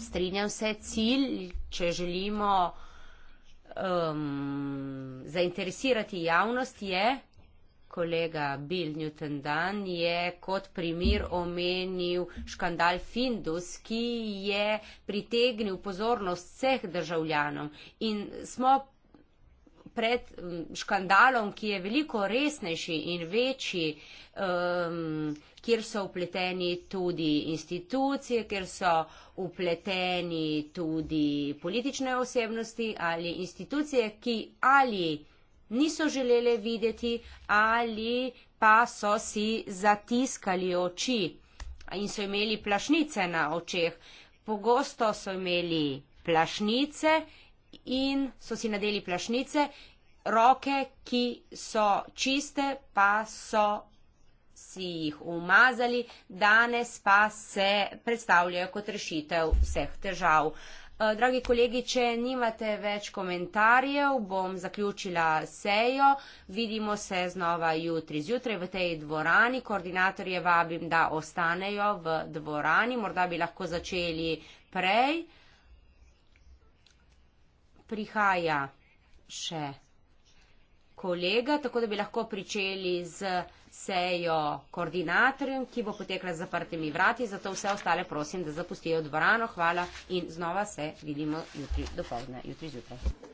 strinjam se, cilj, če želimo. Um, zainteresirati javnost je kolega Bill Newton Dan je kot primer omenil škandal Findus, ki je pritegnil pozornost vseh državljanov. In smo pred škandalom, ki je veliko resnejši in večji, um, kjer so upleteni tudi institucije, kjer so upleteni tudi politične osebnosti ali institucije, ki ali niso želele videti ali pa so si zatiskali oči in so imeli plašnice na očeh. Pogosto so imeli plašnice in so si nadeli plašnice, roke, ki so čiste, pa so si jih umazali, danes pa se predstavljajo kot rešitev vseh težav. Uh, Eh, dragi kolegi, če nimate več komentarjev, bom zaključila sejo. Vidimo se znova jutri zjutraj v tej dvorani. Koordinatorje vabim, da ostanejo v dvorani. Morda bi lahko začeli prej. Prihaja še kolega, tako da bi lahko pričeli z sejo koordinatorjem, ki bo potekla z zaprtimi vrati, zato vse ostale prosim, da zapustijo dvorano. Hvala in znova se vidimo jutri do povdne, jutri zjutraj.